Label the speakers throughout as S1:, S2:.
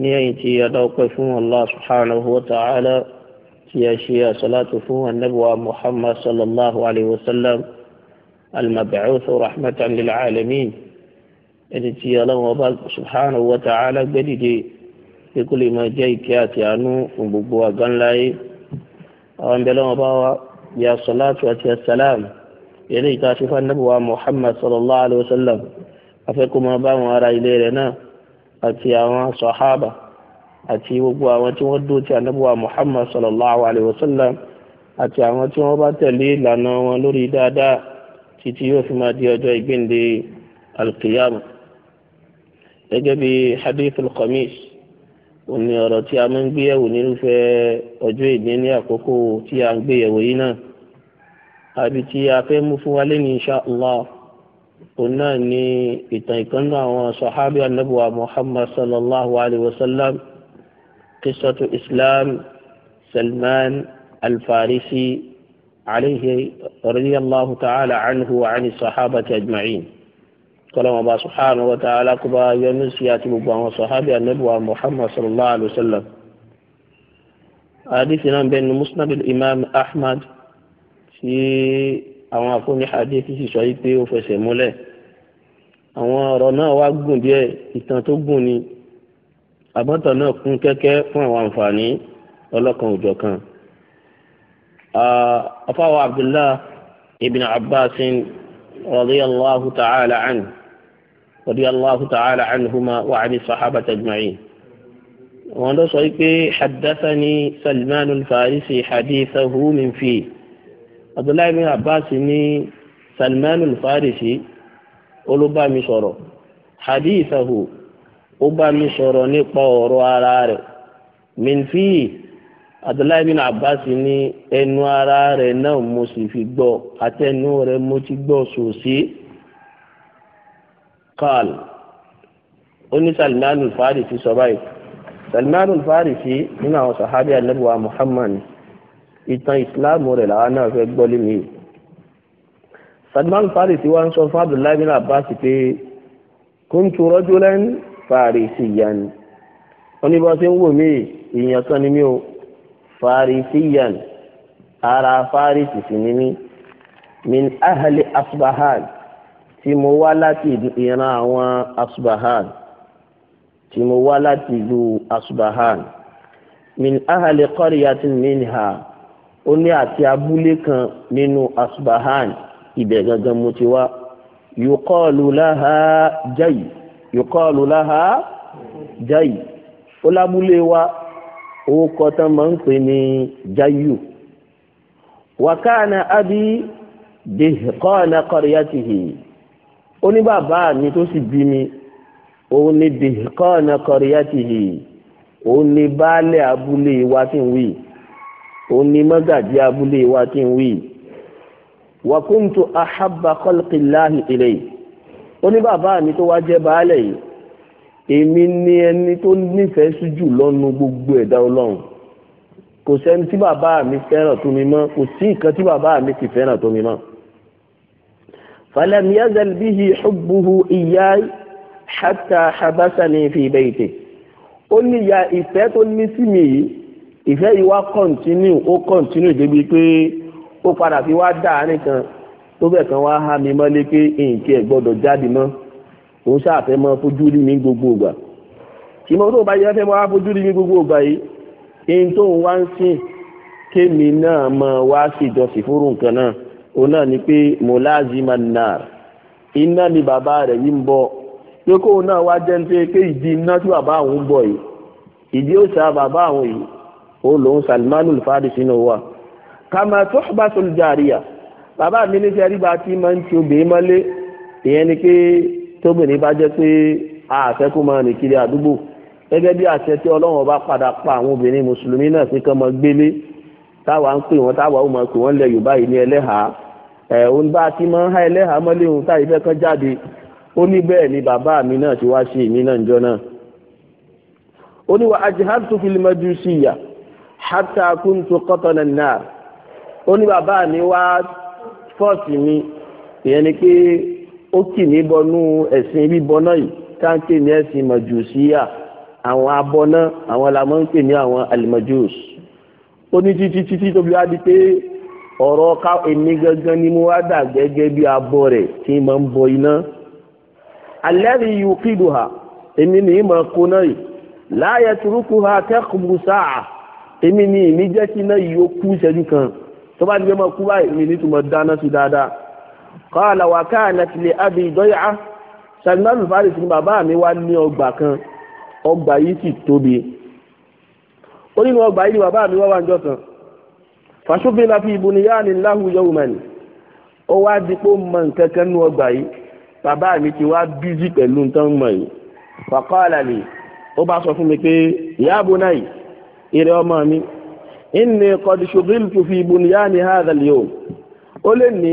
S1: ní ẹ̀yìn tí a dọ́pẹ́ fún Allah subhanahu wa ta'ala tí a ṣe àṣàlátù fún anábíwá Muhammad sallallahu alayhi wa sallam al-mab'uth rahmatan lil alamin ẹni tí ọlọ́run ọba subhanahu wa ta'ala gbẹ́dìde pé kó lè máa jẹ́ ìkẹ́ àti àánú fún gbogbo àgánláyé àwọn ìbẹ̀lẹ̀ wọn bá wa ya salatu àti asalam eléyìí tá a ṣe Muhammad sallallahu alayhi wa sallam afẹ́kọ̀ọ́ máa bá wọn ara ilé rẹ̀ náà àti àwọn sọ̀hábà àti gbogbo àwọn tí wọ́n dó ti ànábùwà Muhammad sallallahu alayhi wa sallam àti àwọn tí wọ́n bá tẹ̀lé ìlànà wọn lórí dáadáa títí yóò fi máa di ọjọ́ ìgbéǹde alkiyama gẹ́gẹ́ bí hadith al-khamis òní ọ̀rọ̀ tí a máa ń gbéyẹ̀wò nírúfẹ́ ọjọ́ ìní ní àkókò tí a ń gbéyẹ̀wò yìí náà àbí tí a fẹ́ mú fún wa lẹ́nu insha òun náà ni ìtàn ìkànnì àwọn sọ̀hábí anábùwà muhammad sallallahu alayhi wa sallam qisatu islam salman alfarisi alayhi radiyallahu ta'ala anhu wa ani sahabati ajma'in kọlọ́mọ bá subhanahu wa ta'ala kó bá yọ́nú sí àti gbogbo àwọn sọ̀hábí anábùwà muhammad sallallahu alayhi wa sallam. hadith náà bẹ́ẹ̀ musnad imam ahmad ti àwọn akóni hadith sì sọ yìí pé ó fẹsẹ̀ múlẹ̀ àwọn ọ̀rọ̀ náà wá gùn díẹ̀ ìtàn tó gùn ni àbọ̀tàn náà kún kẹ́kẹ́ fún àwọn àǹfààní ọlọ́kan òjọ̀kan. afáwọ̀ abdullah ibn abbas radiyallahu ta'ala anhu radiyallahu ta'ala anhuma wa ani sahaba tajma'in. wọn lọ sọ pé haddathani salman al-farisi hadithahu min fi abdullahi bin abbas ní salman al-farisi olùbá mi sọ̀rọ̀ hadithahu ó bá mi sọ̀rọ̀ nípa ọ̀rọ̀ ara rẹ̀ minfi abdullahi bin abbas ní ẹnu ara rẹ̀ náà mo sì fi gbọ́ àtẹnu rẹ̀ mo ti gbọ́ sòsí kaal ó ní farisi sọ báyìí salman farisi nínú àwọn sahabi anabuwa muhammad ìtàn ìsìláàmù rẹ̀ làwa náà fẹ́ gbọ́ lé mi. Salman Farisi wa ń sọ fún Abdullahi bin Abbas pé kuntu rajulan farisiyan oníbọ̀sẹ̀ ń wò mí èèyàn kan ni mí o farisiyan ara Farisi sì ni mí min ahali asbahan tí mo wá láti ìran àwọn asbahan tí mo wá láti ìlú asbahan min ahali qaryatin minha ó ní àti abúlé kan nínú asbahan ibẹ̀ gangan mo ti wá yòkọ́ọ̀lù láha jayi yòkọ́ọ̀lù láha jayi ó lábúlé wa orúkọ tán máa ń pè ní jayu wàkàna abi dèhìkọ́ọ̀nà kọ́ríyàtìhì ó ní bàbá mi tó sì bí mi òun ni dèhìkọ́ọ̀nà kọ́ríyàtìhì òun ni baálé abúlé wa tí ń wí òun ni mọ́gàjí abúlé wa ti ń wí wa kuntu ahabba khalqillahi ilay ó ní bàbá mi tó wá jẹ́ baálẹ̀ yìí èmi ni ẹni tó nífẹ̀ẹ́ sí jù lọ́nu gbogbo ẹ̀dá ọlọ́run kò sẹ́ni tí bàbá mi fẹ́ràn tó mi mọ́ kò sí nǹkan tí bàbá mi ti fẹ́ràn tó mi mọ́ falam yazal bihi hubbuhu iyay hatta habasani fi bayti ó ní ìyá ìfẹ́ tó ní sí mi yìí ìfẹ́ yìí wá kọ́ntínú ó kọ́ntínú débi pé ó padà fi wá dà á nìkan tó bẹ̀ kan wá há mi mọ́lé pé nǹkí ẹ̀ gbọ́dọ̀ jáde mọ́ òun ṣàfẹ́ mọ́ fojú rí mi gbogbo ìgbà kì í mọ́ tó bá yẹ fẹ́ mọ́ wá fojú rí mi gbogbo ìgbà yìí ẹni tó ń wá ń sìn kémi náà mọ́ wá ṣèjọsìn fúrú nǹkan náà òun náà ni pé mọ́láàzìmá náà iná ni bàbá rẹ̀ yìí ń bọ̀ pé kóun náà wá jẹ́ ń pé ìdí iná tí bàbá àwọn ń bọ̀ yìí ìdí òṣà bàbá àwọn yìí ó lòun Salman al-Farisi náà wà kàmá suhbatul jariya bàbá mi ní sẹ́rí bá ti máa ń ti obìnrin mọ́lé ìyẹn ni pé tóbìnrin bá jẹ́ pé àfẹ́ kó máa rìn kiri àdúgbò gẹ́gẹ́ bí àṣẹ tí ọlọ́run ọba padà pa àwọn obìnrin mùsùlùmí náà sí kán máa gbélé táwa ń pè wọ́n táwa ó máa pè wọ́n lẹ yorùbá yìí ní ẹlẹ́hàá ẹ̀ òun bá ti máa ń há ẹlẹ́hàá mọ́lé òun táyì fẹ́ kán jáde ó ní bẹ́ẹ̀ ni bàbá mi náà ti wá ṣe èmi náà níjọ́ náà ó ní tó fi lè mọ́jú sí ìyà hata kuntu kọ́tọ̀nà náà ó ní bàbá mi wá fọ́ọ̀sì mi ìyẹn ni pé ó kì mí bọnú ẹ̀sìn bíbọná yìí táǹkì ní ẹ̀sìn mọ̀jùsíyà àwọn abọ́ná àwọn làmọ́ ń pè ní àwọn àlìmọ̀jùs ó ní títí títí tóbi wá di pé ọ̀rọ̀ ká èmi gangan ni mo wá dà gẹ́gẹ́ bí abọ́ rẹ̀ tí mo ń bọ iná alẹ́ rí yukídùhà èmi nìyí mọ̀ kóná yìí láàyè turukú ha tẹ́kùbù sáà èmi ni èmi jẹ́ kí iná yìí ó kú ìṣẹ́jú kan tó bá ti gbé mọ́ kú báyìí mi ní tùmọ̀ dáná sí dáadáa qala wa kanat li abi day'a Salman al-Farisi ni bàbá mi wá ní ọgbà kan ọgbà yìí sì tóbi ó nínú ọgbà yìí ni bàbá mi wá wá ń jọ kan fashubila fi bunyani lahu yawman ó wá di pé ó mọ nǹkan kan nú ọgbà yìí bàbá mi ti wá bízí pẹ̀lú nǹkan mọ̀ yìí fa qala ó bá sọ fún mi pé ya bunay èrè ọmọ mi inni kọ̀dùṣùgìlìtù fi bunyani hadhal yawm ó lè ní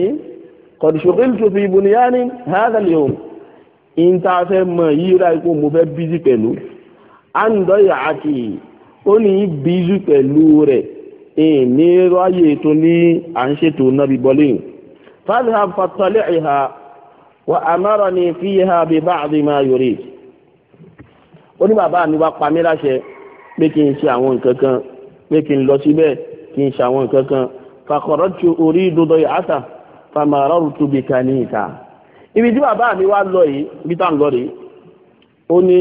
S1: kọ̀dùṣùgìlìtù fi bunyani hadhal yawm ìntàfẹ́ mọ̀ yíra ikú mo fẹ́ bízí pẹ̀lú àǹdọ̀yà àti ó ní bízí pẹ̀lú rẹ̀ ní ráyè tó ní à ń ṣètò nábì bọ́lẹ̀ fadhhab fattali'ha wa amarani fiha bi ba'di ma yurid ó ní bàbá mi wá pa mí láṣẹ pé kí n ṣe àwọn nǹkan kan pé kí n lọ síbẹ̀ kí n ṣe àwọn nǹkan kan fàkọ̀rọ̀tù orí dodo ìhásà fàmàrọ̀rù tóbi ká ní ìta. ibi tí bàbá mi wá lọ yìí bí tá à ń lọ rèé ó ní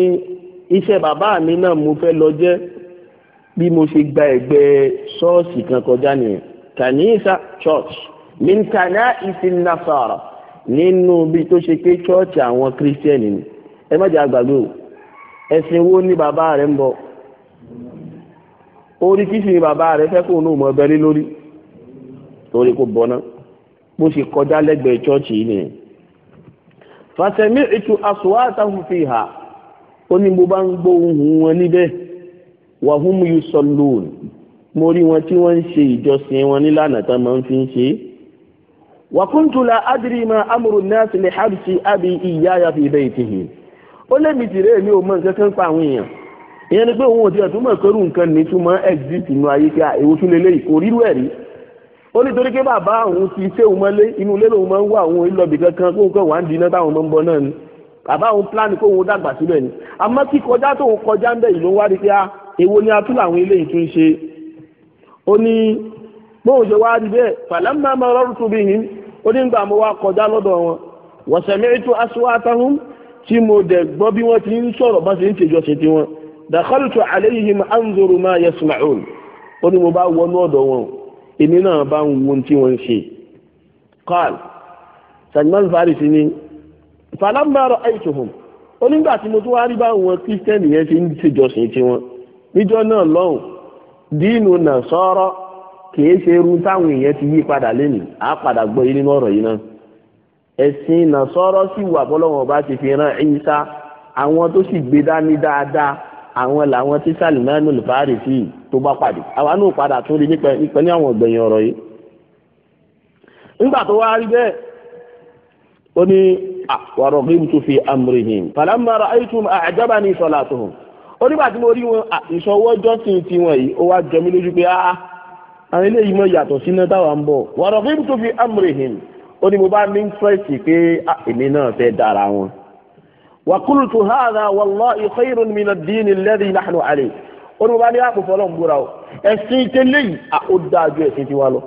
S1: iṣẹ́ bàbá mi náà mo fẹ́ lọ jẹ́ bí mo ṣe gba ẹ̀gbẹ́ ṣọ́ọ̀ṣì kan kọjá nìyẹn kanisa church min kana isin nasara nínú bí tó ṣe pé ṣọ́ọ̀ṣì àwọn kírísítẹ́nì ni ẹ má jẹ́ àgbàgbé o ẹ̀sìn wo ni bàbá rẹ̀ ń bọ̀ orí kíṣìn bàbá rẹ̀ fẹ́ kó nù mọ́ ọbẹ̀ lé lórí torí bọ́ná kọjá lẹ́gbẹ̀ẹ́ chọ́ọ̀chì yìí nìyẹn. fàṣẹmí ètò aswatahum fiha ó ní mo bá ń wọn níbẹ̀ wa hum yusallun mo rí wọn tí wọ́n ń ṣe ìjọsìn wọn nílànà tán máa ń fi ń ṣe é. ma amru fi mi tìrẹ́ mi ò nǹkan kan ìyẹn ni pé òun ò tiẹ̀ túmọ̀ pẹ̀lú nǹkan ní túmọ̀ exit inú ayé kí èwo tún lélẹ́yìí kò rírú ẹ̀ rí ó ní torí pé bàbá òun ti ṣé òun mọ́lé inú ilé lòun máa ń wá òun ìlọbì kankan kóun kan wà ń dinná táwọn ọmọ ń bọ náà ni bàbá òun pílánì kóun dàgbà síbẹ̀ ni àmọ́ kí kọjá tóun kọjá ń bẹ̀ yìí ló ń wá rí pé èwo ni atúlọ̀ àwọn eléyìí tún ṣe ó ní bóun ṣe wá rí bẹ́ẹ̀ fàlámà máa tí mo dẹ̀ gbọ́ bí wọ́n ti ń sọ̀rọ̀ bá ṣe ń ṣèjọ́ṣe tiwọn dakhaltu alayhim anzuru ma yasma'un ó ní mo bá wọnú ọ̀dọ̀ wọn èmi náà bá ń wo tí wọ́n ń ṣe qal Salman Farisi ni falamma ra'aytuhum ó nígbà tí mo tún wá rí báwọn kírísítẹ́nì yẹn ti ń ṣèjọsìn tiwọn níjọ́ náà lọ́hùn dínú Nasara kìí ṣe irú táwọn èèyàn ti yí padà lẹ́nu á padà gbọ́ yìí nínú ọ̀rọ̀ yìí náà ẹ̀sìn Nasara sì wà bọ́lọ́wọ́n bá ti fi ran Ìsá àwọn tó sì gbé dání dáadáa àwọn làwọn tí Salmanu Al-Farisi tó bá pàdé àwa náà padà tún rí nípa ní àwọn ọ̀gbẹ̀yìn ọ̀rọ̀ yìí nígbà tó wá rí bẹ́ẹ̀ ó ní waragibtu fi amrihim falamma ra'aytum a'jabani salatuhum ó nígbà tí mo rí wọn ìṣọwọ́jọ́ sí ti wọn yìí ó wá jọ mí lójú pé áá àwọn eléyìí mọ yàtọ̀ sínú táwa ń bọ̀ waragibtu fi amrihim ó ní mo bá ní fẹ́ẹ̀sì pé èmi náà fẹ́ dára wọn وقلت هذا والله خير من الدين الذي نحن عليه olùbá ní àpò fọlọ́n búra o ẹ̀sìn tẹ́lẹ̀yì ó dáa ju ẹ̀sìn tiwa lọ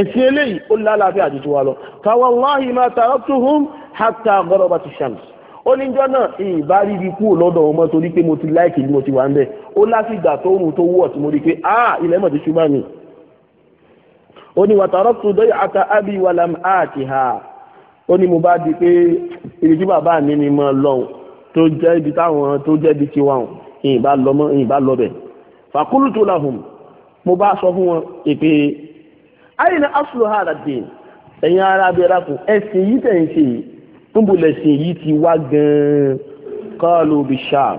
S1: ẹ̀sìn eléyìí ó lálàáfíà ju tiwa lọ fawallahi ma taraktuhum hatta gharabati shams ó ní jọ́ náà ìbá ríbi kú lọ́dọ̀ ọmọ torí pé mo ti láìkì bí mo ti wà ń bẹ̀ ó lásìgbà tó rùn tó wọ̀ tí mo rí pé a ilẹ̀ mọ̀ ti ṣú mi ó ní wa taraktu day'ata abi wa lam atiha ó ní mo bá di pé ibi tí bàbá mi ni mo lọ́hùn tó jẹ́ ibi táwọn tó jẹ́ ibi tiwa hùn ìyìn bá lọ mọ́ ìyìn bá lọ bẹ̀. fàkúrú tó la hùn mo bá sọ fún wọn èpè ayé ni asùlù ha àdàdé ẹ̀yin ara bẹ̀rẹ̀ rákù ẹ̀sìn yìí tẹ̀ ń ṣe yìí níbulẹ̀ sìn yìí ti wá gan-an kọ́ọ̀lù bí ṣáàm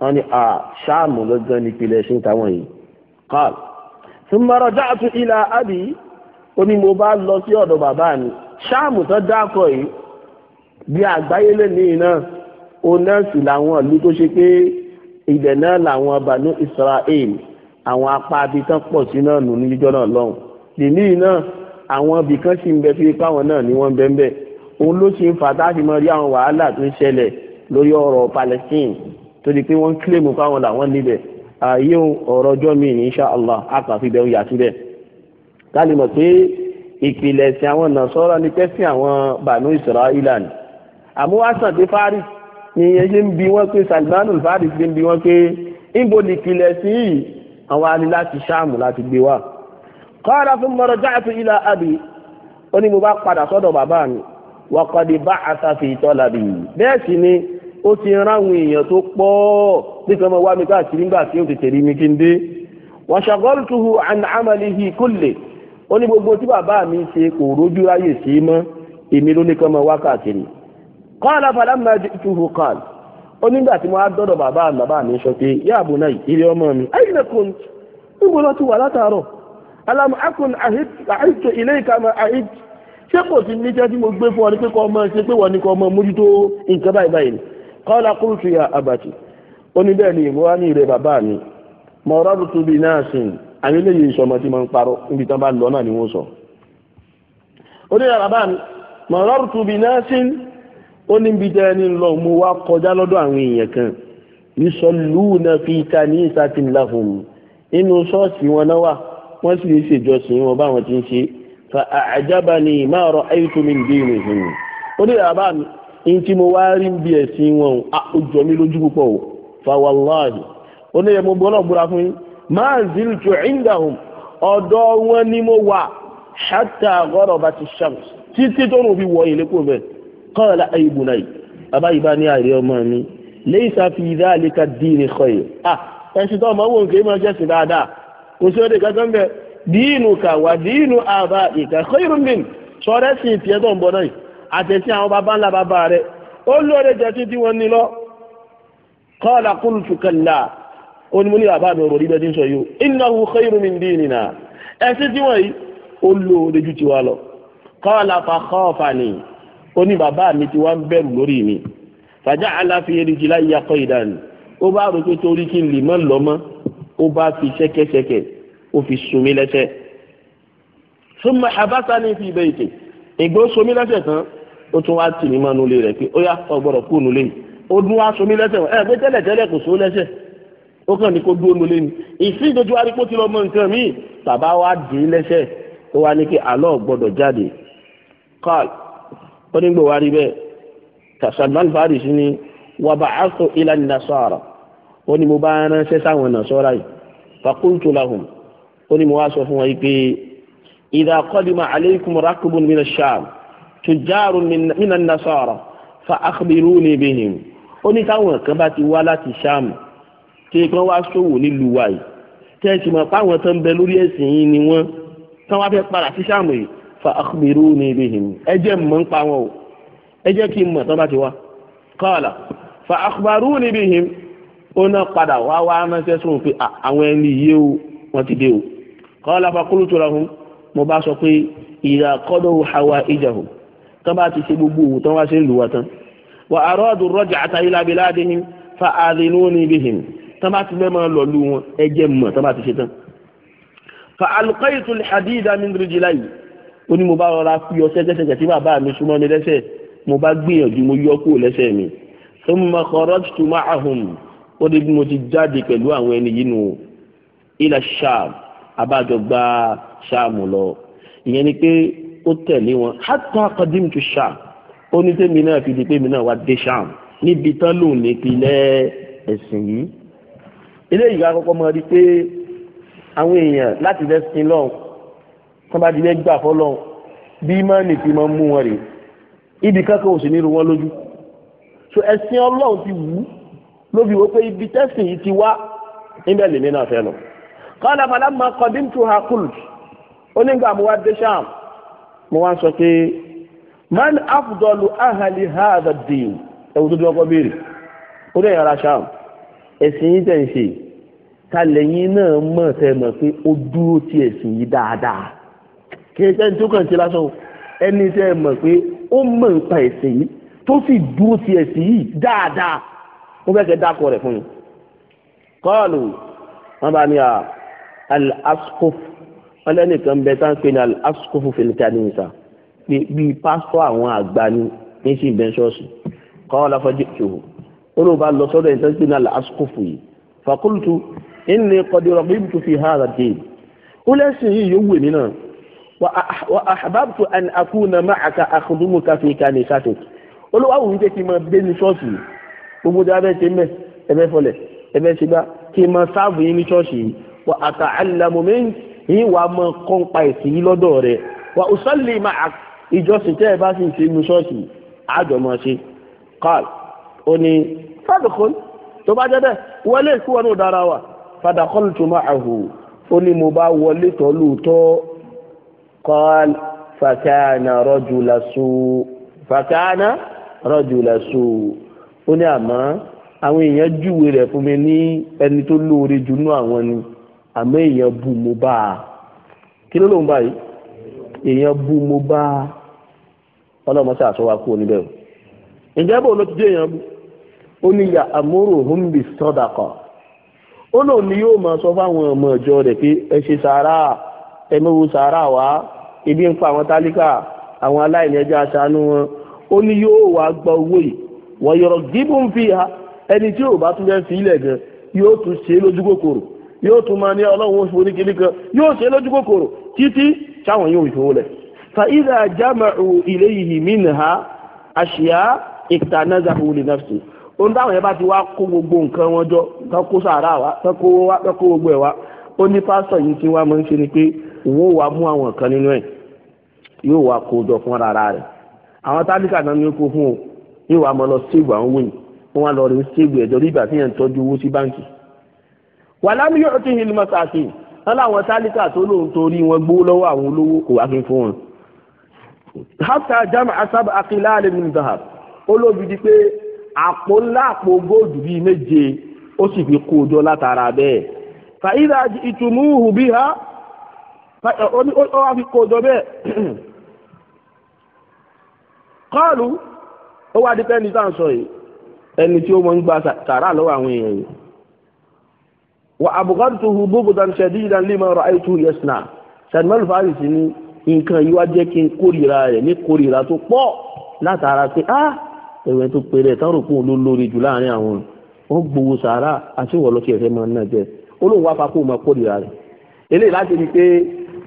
S1: wọn ni à ṣáàmù lọ́gán ní ìpìlẹ̀ ẹ̀sìn táwọn yìí kọ́ọ̀lù. sùnmọ́rọ̀ jáàtú ilà ábì ó ní mo bá lọ sí ọ̀dọ̀ bàbá mi ṣáàmù tó dákọ̀ yìí bí àgbáyé lónìí náà òun náà sì làwọn ìlú tó ṣe pé ilẹ̀ náà làwọn Banu Israel àwọn apá abitán pọ̀ sí náà nù níjọ́ náà lọ́hùn lèmi náà àwọn ibìkan sì ń bẹ fi páwọn náà ni wọ́n ń bẹ́ẹ̀ bẹ́ẹ̀ òun ló ṣe ń fà tá a fi mọ rí àwọn wàhálà tó ń ṣẹlẹ̀ lórí ọ̀rọ̀ Palestine tó di pé wọ́n ń kílèmù fáwọn làwọn níbẹ̀ ààyè ọ̀rọ̀ ọjọ́ mi ní insha Allah àkàfi bẹ́ẹ̀ ń yà síbẹ̀ ká lè mọ̀ pé ìpìlẹ̀ ẹ̀sìn àwọn nàṣọ́rọ̀ ni pẹ́sìn àwọn bànú ìsìráìlà ni àmúwásàn dé Faris ni ìyẹn ṣe ń bi wọ́n pé Salmanul Faris ṣe ń bi wọ́n pé níbo ni ìpìlẹ̀ ẹ̀sìn yìí àwọn ani láti ṣáàmù láti gbé wá. qala thumma raja'tu ila abi ó ní mo bá padà sọ́dọ̀ bàbá mi wa qad ba'atha fi talabi bẹ́ẹ̀ sì ni ó ti ráwọn èèyàn tó pọ̀ nípa ọmọ wa mi káàkiri nígbà tí ó ti tẹ̀lé mi kí n dé wa shaghaltuhu ó ní gbogbo tí bàbá mi ṣe kò rójú ráyè sí mọ́ èmi ló ní kọ́ mọ wákàtí ni kọ́ńlá fàlámà tuhu kan ó nígbà tí mo á dọ́dọ̀ bàbá bàbá mi sọ pé yá náà ilé ọmọ mi ayílẹ kun níbo lọ ti wà látàárọ̀ alamu akun ahito ilé ìkàmọ ahit ṣé kò sí níṣẹ́ tí mo gbé fún ọ ní pé kọ́ ọmọ ṣe pé wọ́n ní kọ́ ọmọ mójútó nǹkan báyìí báyìí kọ́ńlá kúrútù ya abàtì ó ní bẹ́ẹ̀ ni ìwọ́n á ní ilé bàbá mi mọ̀ọ́rọ́ tuntun bíi náà sìn àwọn eléyìí ìṣọmọ tí mo ń parọ́ níbi tán bá lọ náà ni wọ́n sọ. ó ní yàrá báyìí mọ̀lọ́rù tubi náà sí ó ní bí jẹ́ lọ mo wá kọjá lọ́dọ̀ àwọn èèyàn kan yusalluna fi kanisatin lahum inú ṣọ́ọ̀ṣì wọn náà wà wọ́n sì lè ṣèjọsìn wọn báwọn ti ń ṣe fa a'jabani ma ra'aytu min dinihim ó ní yàrá báyìí in tí mo wá rí bí ẹ̀sìn wọn ó jọ mí lójú púpọ̀ fa wallahi ó ní ẹ̀mú bọ́lọ̀ búra máa ziltu indahum ọ̀dọ̀ wọn ni mo wà hatta gharabati shams títí tó ń fi wọ ilé kó bẹ́ẹ̀ qala ay bunay bàbá yìí bá ní àìrí ọmọ mi laysa fi dhalika ad-dini khayr à ẹ̀sìn tó ọmọ wọn kì í máa jẹ́sìn dáadáa kò sí ọdẹ kankan bẹ́ẹ̀ diinuka wa diinu abaika khayrun min sọ̀rọ̀ ẹ̀sìn tiẹ̀ tó ń bọ̀ náà àtẹ̀sí àwọn bàbá ńlá bàbá rẹ̀ ó lóore jẹ́ títí wọn ní lọ qala qultu kalla ó ní mo ní àbá mi ọ̀rọ̀ níbẹ̀ tí ń sọ yìí innahu khayru min dinina ẹ̀sìn tí wọ́n yìí ó lò ó lójú tiwa lọ qala fa khafani ó ní bàbá mi ti wá ń bẹ̀rù lórí mi faja'ala fi rijlayya qaydan ó bá rò pé torí kí n lè mọ́ lọ́mọ́ ó bá fi ṣẹ́kẹ́ṣẹkẹ̀ ó fi sùn mí lẹ́sẹ̀ summa habasani fi bayti ìgbó sùn mí lẹ́sẹ̀ tán ó tún wá tì mí mọ́ nulẹ̀ rẹ̀ pé ó yà ọgbọ́dọ̀ kú nulẹ̀ ó dún wá sùn mí lẹ́sẹ̀ ẹ̀ pé tẹ́lẹ̀ kò só lẹ́sẹ̀ ó kàn ní kó dúró nulẹ̀ ni ìsí ìdójú arípò ti lọ mọ nǹkan míì bàbá wa dì í lẹ́sẹ̀ ó wá ní kí àlọ́ gbọ́dọ̀ jáde kọ́l ó ní gbòòwá rí bẹ́ẹ̀ Salman Farisi ni wàbà àṣọ ìlànà Nasara ó ní mo bá ránṣẹ́ sáwọn Nasara yìí faqultu lahum ó ní mo wá sọ fún wa yìí pé idha qadima alaykum rakbun min sham tujjarun min an-Nasara fa akhbiruni bihim ó ní táwọn kan bá ti wá láti Sham kí n kan wá ṣòwò nílùú wa yìí tẹ́ ẹ sì mọ̀ pé àwọn tó ń bẹ lórí ẹ̀sìn yìí ni wọ́n tán wá fẹ́ padà sí sáàmù yìí fa akhbiru ní ibi hìn ẹ jẹ́ mọ̀ ń pa wọn o ẹ jẹ́ kí n mọ̀ tán bá ti wá qala fa akhbaru ní ibi hìn ó náà padà wá wá ránṣẹ́ sóhun pé àwọn ẹni yìí o wọ́n ti dé o qala fa qultu lahum mo bá sọ pé ìyá kọ́dọ̀ hawa ìjàhùn tán bá ti ṣe gbogbo òwò tán wá ṣe ń lù wá tán wa aradu raj'ata ila biladihim fa adhinuni bihim tán bá ti fẹ́ máa lọ lu wọn ẹjẹ mọ̀ tán bá ti ṣe tán. fa alqaytu alhadida min rijlai ó ní mo bá rọra fi ọ sẹ́kẹ́sẹ́kẹ́ tí bàbá mi súnmọ́ mi lẹ́sẹ̀ mo bá gbìyànjú mo yọ kúrò lẹ́sẹ̀ mi. thumma kharajtu ma'ahum ó dé mo ti jáde pẹ̀lú àwọn ẹni yìí nù ila sham abájọ gba sham lọ ìyẹn ni pé ó tẹ̀lé wọn hatta qadimtu sham ó ní tẹ́mi náà fi di pé mi náà wá dé sham níbi tán lòun ní pilẹ̀ ẹ̀sìn yìí eléyìí wá kọ́kọ́ mọ̀ rí pé àwọn èèyàn láti fẹ́ sin lọ́hùn tó bá dilẹ̀ gbà fọ́ lọ́hùn bí mọ́ọ̀nì ti máa ń mú wọn rè ibi kankan ò sì ní ru lójú so ẹ̀sìn ọlọ́run ti wù ú lóbi wọ́n pé ibi tẹ́sìn yìí ti wá níbẹ̀ lèmi náà fẹ́ lọ. kọ́lá bàlá máa kọ́ bí n tu ha kúlù ó mo wá dé sáàm mo wá sọ pé man afdolu ahali haza dìín ẹ̀wù tó dúró kọ́ béèrè ó dẹ̀ yàrá sáàm ẹ̀sìn yìí tẹ̀ ń ṣe yìí talẹ̀yìn náà mọ̀ tẹ́ mọ̀ pé ó dúró ti ẹ̀sìn yìí dáadáa kí ẹni tó kàn ṣe lásán ẹni tẹ́ mọ̀ pé ó mọ̀ nípa ẹ̀sìn yìí tó sì dúró ti ẹ̀sìn yìí dáadáa ó fẹ́ kẹ́ dákọ̀ rẹ̀ fún mi. kọ́ọ̀lù wọn bá ní al-asquf wọn lẹ́nìkan bẹ tá à ń pè ní al-asquf fil-kanisa pé bíi pásítọ̀ àwọn àgbà ni ní sí ìbẹ́ńsọ́ọ̀sì kọ́ọ̀lù afọ́jú ìṣòwò ó ló bá lọ sọ́dọ̀ ìtọ́jú ní al yìí fàkúlùtù inni qad raghibtu fi hadha ad-din ó lẹ́sìn yìí yóò wè mí náà wa ahbabtu an akuna ma'aka akhdumuka fi kanisatik olúwa wù mí pé kí n máa gbé ní ṣọ́ọ̀ṣì gbogbo dábẹ́ ṣe mẹ́ ẹ̀fẹ́ fọlẹ̀ ẹ̀fẹ́ ṣe gbá kí n máa sáàbù yín ní ṣọ́ọ̀ṣì wa ata'allamu min yín wàá máa kọ́ pa ẹ̀sìn yín lọ́dọ̀ rẹ̀ wa usalli ma'a ìjọsìn tẹ́ ẹ bá sì ń ṣe ní ṣọ́ọ̀ṣì àjọ máa ṣe qal ó fadkhul tó bá jẹ́ bẹ́ẹ̀ wọlé kí wọn ò dára fadakọ́lùtù máàhù ó ní mo bá wọlé tọ́ lóòótọ́ kọ́l fàkàna rọ́jùlá sù fàkàna rọ́jùlá sù ó ní àmọ́ àwọn èèyàn júwe rẹ̀ fún mi ní ẹni tó lóore jù nú àwọn ni àmọ́ èèyàn bù mo bá a kí ló ló ń báyìí èèyàn bú mo bá ọlọ́mọ sí àṣọwá kú oníbẹ̀ o ló ti dé èèyàn bú ó ní ya àmúrò húnbì sọ́dàkọ̀ ó lòun ni yóò máa sọ fáwọn ọmọ ìjọ rẹ̀ pé ẹ ṣe sàárà ẹ mú wo sàárà wá ebi ń pa àwọn tálíkà àwọn aláìní ẹja aṣáánú wọn ó ní yóò wá gba owó yìí wọ́n yọrọ gíbùn fi ha ẹni tí yóò bá tún fẹ́ fi ilẹ̀ gan yóò tún ṣe lójú kòkòrò yóò tún máa ní ọlọ́run oṣù oníkìlì kan yóò ṣe lójú kòkòrò títí táwọn yóò fi wọlé. fàídà jámà ìlẹ́yìí mí nìha àṣìyá ìtànáza òun ní ohun táwọn yẹn bá ti wá kó gbogbo nǹkan wọn jọ tán sàárà wa tán kó wá tán kó gbogbo ẹ̀ wá ó ní pásítọ̀ yìí tí wọ́n máa ń ṣe ni pé òun ó wá mú àwọn kan nínú ẹ̀ yóò wá kó jọ fún ara rẹ̀ àwọn tálíkà náà ni ó kó fún o yóò wá mọ lọ ṣéèbù àwọn wòyìn wọn wá lọ rí ṣéèbù ẹ̀jọ̀ rí ìgbà tí yẹn ń tọ́jú owó sí báǹkì. wàlámì yóò ti hin mọ́sáàsì wọn láwọn tálíkà tó lóun torí wọn gbówó lọ́wọ́ àwọn olówó kò wá kí fún wọn. hafsa jama asab akilá ni mi ń zahab ó di pé àpò ńlá àpò góòdù bíi méje ó sì fi kó o jọ látara bẹ́ẹ̀ fàyídà ìtùmúhù bí ha ó wá fi kó o jọ bẹ́ẹ̀ kọ́ọ̀lù ó wá di pẹ́ni tá à ń sọ yìí ẹni tí ó mọ̀ ń gba sàrà lọ́wọ́ àwọn èèyàn yìí wà àbùkátùtù búbùdàn ṣẹ̀dídàn lima ra'aytu yasna Salman Farisi ní nǹkan yìí wá jẹ́ kí n kórìíra rẹ̀ ní kórìíra tó pọ̀ látara pé ah, ẹ̀wẹ̀ tó péré ẹ̀ táwọn òkú ló lórí jù láàrin àwọn wọn gbowó sàárà àti ìwọ̀ lọ́sẹ̀ ẹ̀fẹ́ máa ń náà jẹ olóhùn wá fakó máa kórìíra rẹ̀ eléyìí láti rí i pé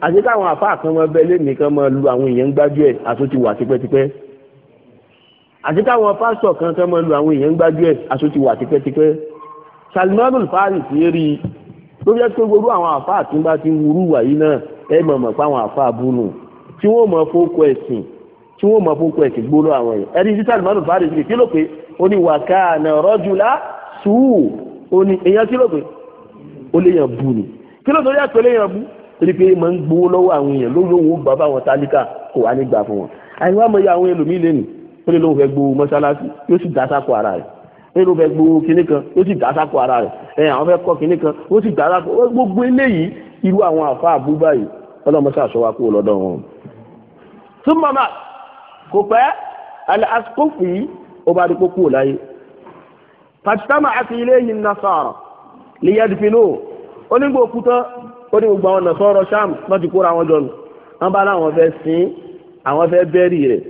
S1: àti káwọn àfáà kan máa bẹ lẹ́nìí kan máa lu àwọn èèyàn gbájú ẹ̀ àti ó ti wà tipẹ́tipẹ́ àti káwọn pásítọ̀ kan kan máa lu àwọn èèyàn gbájú ẹ̀ àti ó ti wà tipẹ́tipẹ́ Salmanul Farisi rí i ló jẹ́ pé gbogbo àwọn àfáà tí ń bá ti wúrú wàyí náà ẹ̀ mọ̀mọ̀ pé àwọn àfáà búnú tí wọ́n mọ̀ fókó ẹ̀sìn tí wọ́n mọ̀ fún kọ́ ẹ̀sìn gbóló àwọn yẹn ẹni títà lùmọ́nù bá rèé kí ló pé ó ní wàká àná rọ́jùlá sùúrù ó ní èèyàn kí ló pé ó léèyàn bu ni kí ló torí àpèlè èèyàn bu torí pé máa ń gbowó lọ́wọ́ àwọn èèyàn lólówó gbà bá wọn tálíkà kò wá ní gbà fún wọn àyìnbó amọ̀yẹ àwọn ẹlòmíì lẹ́nu ó lè lóun fẹ́ gbowó mọ́ṣáláṣí yóò sì dá sáko ara rẹ̀ ó lè lóun fẹ́ gbowó kinní kan yóò sì dá sáko ara rẹ̀ ẹ̀ àwọn fẹ́ kọ́ kinní kan ó sì dá sáko gbogbo eléyìí irú àwọn àfa àbúgbà yìí ọlọ́mọṣáṣọ́ wa kúrò lọ́dọ̀ wọn. túmọ̀ máa kò pẹ́ al-Asqafi yìí ó bá dúpọ̀ kúrò láyé fajtama'at ilayhi an-nasara liyadfinuhu onígbò òkúta ó ní gbogbo àwọn nasara Sham wọ́n ti kóra wọn jọ nù wọ́n bá láwọn fẹ́ sin àwọn fẹ́ bẹ́rì rẹ̀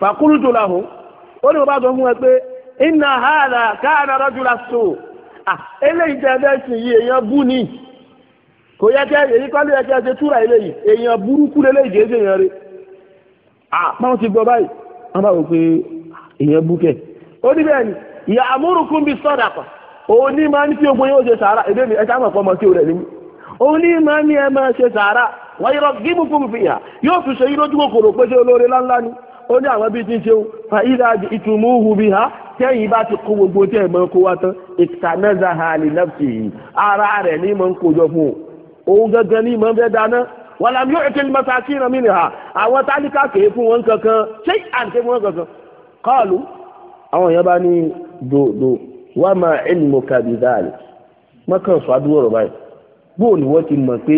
S1: faqultu lahum ó ní wọ́n bá sọ fún wọn pé inna hadha kana rajula su' eléyìí tẹ́ fẹ́ sìn yìí èèyàn bú ni kò yẹ kẹ́ èyí kọ́lé yẹ kẹ́ ṣe túra eléyìí èèyàn burúkú lélẹ́yìí kì í èèyàn rẹ̀ àpáwọn ah, ti gbọ́ báyìí wọ́n bá wò pé ah, èèyàn búkẹ̀ ó ní bẹ́ẹ̀ ni ìyá amúrùkún bíi sọ́dà kan òun ní máa ń fi ogun yóò ṣe sàárà èdè mi ẹ̀ṣá àmọ̀pọ̀ ọmọ tí ò rẹ̀ ní mi òun ní máa ń ní ẹ máa ṣe sàárà wọ́n yọrọ gímù fún mi fi hàn yóò fi ṣe yín lójú kòkòrò pé ṣé olóore láńlá ni ó ní àwọn bíi ti ń ṣeun fa ìlà ìtùmùhù bí ha tẹ́yìn bá ti kó gbogbo tí ẹ̀ mọ́ kó wá tán ìtànẹ́zà hàlì náà sì ara rẹ̀ ní mọ́ ń kójọ fún òun gangan ní mọ́ fẹ́ dáná wọ́n làm yóò ètò ìmọ̀ta kí ìrànmí ni ha àwọn tálíkà kèé fún wọn kankan ṣé àǹtí fún wọn kankan kọ́ọ̀lù àwọn èèyàn bá ní dòdò wà máa ẹnìmọ kàbíyàlì mọ́kàn sọ àdúgbò rọ̀ báyìí bóò ni wọ́n ti mọ̀ pé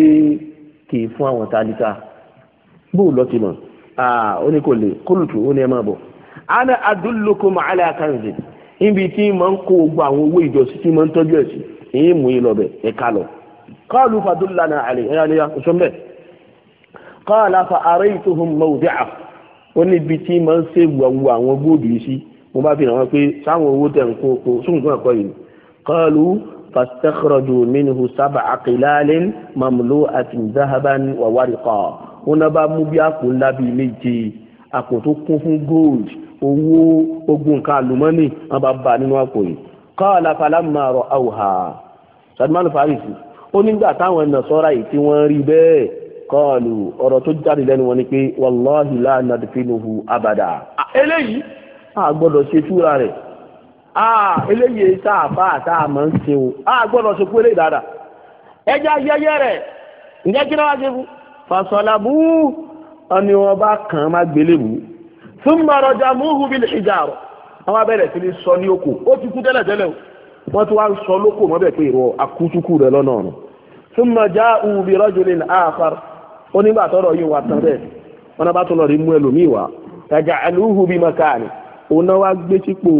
S1: kèé fún àwọn tálíkà bóò lọ́ ti mọ̀ ó ní kò lè kólùtù ó ní ẹ máa bọ̀ ana adullukum ala kanzi níbi tí mo ń kó gbogbo àwọn owó ìjọsìn tí mo ń tọ́jú ẹ̀ sí èyí mú yín lọ bẹ̀ ẹ̀ka lọ kọ́ọ̀lù fadúlànà àlè ẹ̀yà ni ya ọ̀ṣọ́ mbẹ́ kọ́ọ̀lá fa ààrẹ ìtòhùn mọ́ọ̀dẹ́ à ó níbi tí máa ń ṣe gbàgbọ́ àwọn góòdù yìí sí mo bá fi hàn wọ́n pé sáwọn owó tẹ̀ ń kó kó sóńgbọ́n ẹ̀kọ́ yìí kọ́ọ̀lù fastakhraju minhu sab'a qilalin mamlu'atin dhahaban wa warqa wọ́n náà bá mú bí àpò ńlá bíi méje àpò tó kún fún gold owó ogun nǹkan àlùmọ́nì wọ́n bá bá nínú àpò yìí qala falamma ra'awha Salman Farisi ó nígbà táwọn Nasara yìí tí wọ́n rí bẹ́ẹ̀ kọ́ọ̀lù ọ̀rọ̀ tó jáde lẹ́nu wọn ni pé wàláhì láàánà dìfínùhù abàdà. Ah, eléyìí a gbọ́dọ̀ ṣe túra rẹ̀ ah, eléyìí tá a fa àtà máa ń ṣe o a gbọ́dọ̀ ṣe kú eléyìí dáadáa. ẹja yẹyẹ rẹ̀ ǹjẹ́ kí ló wá ṣe fún. fasọ̀làbù ọ̀ni wọn bá kàn án má gbélé wù. fún mọ̀rọ̀jà múhù bíi ìjàrọ̀ wọn bá bẹ̀rẹ̀ sí ní sọ ní oko ó ti kú tẹ́lẹ̀tẹ́lẹ̀ o wọ́n ti wá sọ lóko mọ́ bẹ́ẹ̀ pé ìrọ̀ akútukú rẹ̀ lọ́nà ọ̀nà. fún mọ̀já ùbí rọ́jòlè ó nígbà tọ́rọ̀ yìí wà tán bẹ́ẹ̀ wọn náà bá tún lọ rí mú ẹlòmíì wá ẹ̀jà ẹlúhu bíi mọ́kàní òun náà wá gbé sípò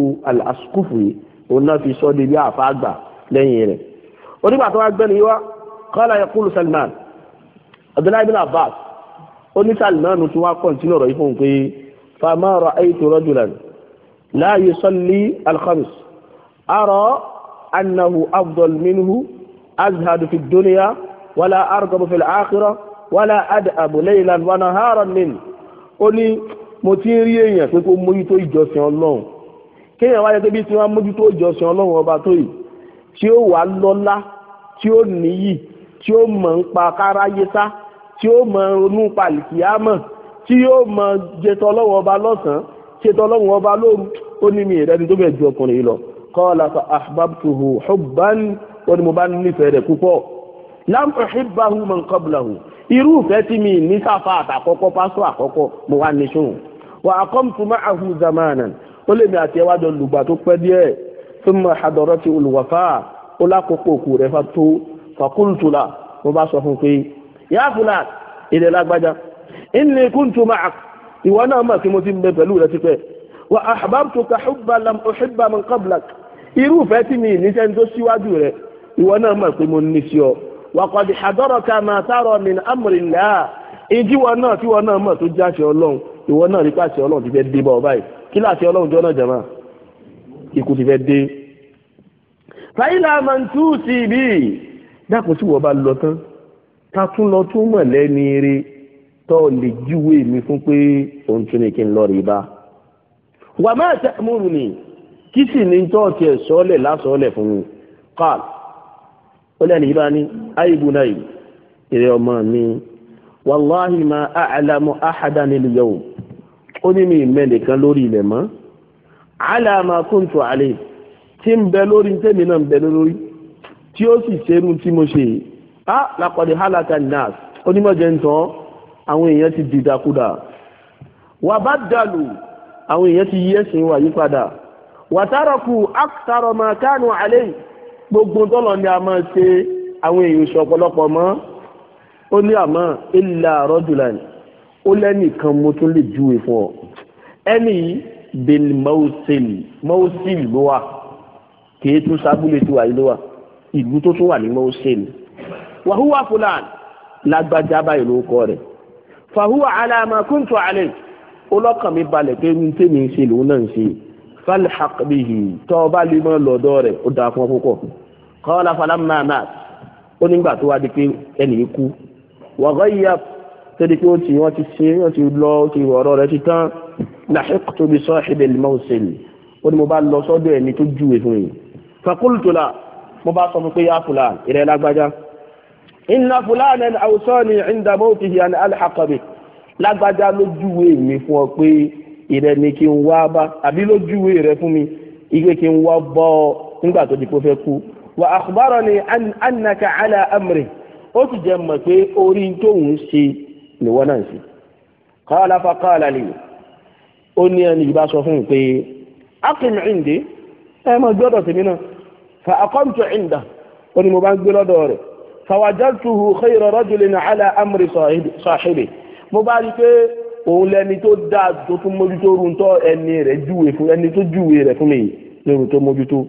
S1: àsùkùfù yìí òun náà fi sọ de bí àfa àgbà lẹ́yìn rẹ̀ ó nígbà tó wá gbẹ́ni wá kọ́lá yaqulu Salman Abdullahi bin Abbas ó ní Salman tún wá kọ́ntínú ọ̀rọ̀ yìí fún un pé fama ra'aytu rajulan la yusalli al-khams ara annahu afdal minhu azhadu fi dunya wala argabu fi al wala ad'abu laylan wa naharan min ó ní mo ti ń rí èèyàn pé kó mójútó ìjọsìn ọlọ́run kéèyàn wáyé pé bí tí wọ́n mójútó ìjọsìn ọlọ́run ọba tó yìí tí ó wà lọ́lá tí ó níyì tí ó mọ̀ ń pa káráyé sá tí ó mọ̀ ronú pàlìkìámọ̀ tí yóò mọ̀ jẹtọ ọlọ́run ọba lọ́sàn-án ṣètò ọlọ́run ọba lóru ó ní mi ìrẹ́ni tó bẹ̀ ju ọkùnrin yìí lọ qala fa ahbabtuhu hubban ó ní mo bá nífẹ̀ẹ́ rẹ̀ púpọ̀ lam uhibbahu man qablahu irú ìfẹ́ tí mi ní sáfà àtàkọ́kọ́ pásọ̀ àkọ́kọ́ mo wá ní sóhun wa aqamtu ma'ahu zamanan ó lè mi àti ẹwà jọ lùgbà tó pẹ́ díẹ̀ thumma hadarati al-wafa ó lákòókò òkú rẹ̀ fa tó faqultu la mo bá sọ fún pé ya fulan ilẹ̀ lágbájá inni kuntu ma'ak ìwọ náà mọ̀ kí mo ti bẹ pẹ̀lú rẹ tipẹ́ wa ahbabtuka hubban lam uhibba man irú ìfẹ́ tí mi ní sẹ́ni tó síwájú rẹ̀ ìwọ náà mọ̀ pé mo ní sí ọ wàkọ̀dì àdọ́rọ̀ká máa tààrọ̀ min amúrìnlá ìjíwọ náà tíwọ náà mọ̀ tó jáṣẹ ọlọ́run ìwọ náà rípa àṣẹ ọlọ́run ti fẹ́ dé bá ọ báyìí kí láṣẹ ọlọ́run jọ náà jàmá ikú ti fẹ́ dé. fàyílà máa ń tú sí ibi dákun tí wọ́n bá lọ tán ká tún lọ tún mọ̀ lẹ́ni eré tó lè júwèé mi fún pé òun tún ní kí n lọ rí bá. wà máa tẹ́ múrù ni kí sì ní ó lẹ́nu yìí bá ní àìbù náà yìí ìrẹ́ ọmọ mi wàláhì ma àlàmù àhàdà nílùú yẹ̀wò ó ní mi mẹ́nìkan lórí ilẹ̀ mọ́ àlàmà kùntù àlè tí ń bẹ lórí tèmi náà ń bẹ lórí tí ó sì ṣerú tí mo ṣe á làkọ̀dé hálàkà nàás onímọ̀jẹ̀ ń tán àwọn èèyàn ti dìdàkudà wà bá dàlù àwọn èèyàn ti yí ẹ̀sìn wà yípadà wà tààrọ̀kù àkùtàrọ̀ mà kánú àlè yìí gbogbo tọ́lọ̀ ni a máa ṣe àwọn èèyàn ṣe ọ̀pọ̀lọpọ̀ mọ́ ó ní àmọ́ ilà rọ́jùláì ó lẹ́nìkan mo tún lè júwe fún ọ ẹni bẹ́ẹ̀ mọ́ọ́sìlì mọ́ọ́sìlì ló wà kìí tún sábúlé tí wàá ló wà ìlú tó tún wà ní mọ́ọ́sìlì wàhúwà fúlàn lágbájá báyìí ló kọ rẹ̀ fàhúwà alámà kúntù àlè ó mi balẹ̀ pé ń tèmi ń ṣe lòun náà ń ṣe falhaq bihi tọ́ ọ bá lè mọ́ lọ́dọ̀ rẹ̀ ó dáa fún ọ púpọ̀ kọ́lá falamma mat ó nígbà tó wá di pé ẹnì yìí kú wàgọ́ yíyá tẹ́lẹ̀ pé ó ti wọ́n ti ṣe wọ́n ti lọ ó ti rọ̀ ọ̀rọ̀ rẹ̀ ti tán lahiqtu bi sahibil mawsil ó ní mo bá lọ sọ́dọ̀ ẹni tó júwe fún yìí faqultu la mo bá sọ fún pé yá fulan ìrẹ́ lágbájá inna fulanan awsani inda mawtihi an alhaqa bihi lágbájá ló júwe mi fún ọ pé ìrẹ ni kí n wá bá àbí lójúwe rẹ fún mi ike kí n wá bọ́ ọ nígbà tó di kó fẹ́ kú. wà akhbarani annaka ala amri ó sì jẹ́ mọ̀ pé orí tó ń ṣe nìwọ́n náà ṣe. qala fa qala li ó ní ẹni ìbá sọ fún un pé aqim indi ẹ máa gbọ́dọ̀ tèmi náà fa aqamtu inda ó ní mo bá ń gbé lọ́dọ̀ rẹ̀ fa wajadtuhu khayra rajulin ala amri sahibi mo bá rí pé òun lẹni tó dáa tó tún mójútó runtọ́ ẹni rẹ̀ júwe fún ẹni tó júwe rẹ̀ fún mi lóru tó mójútó.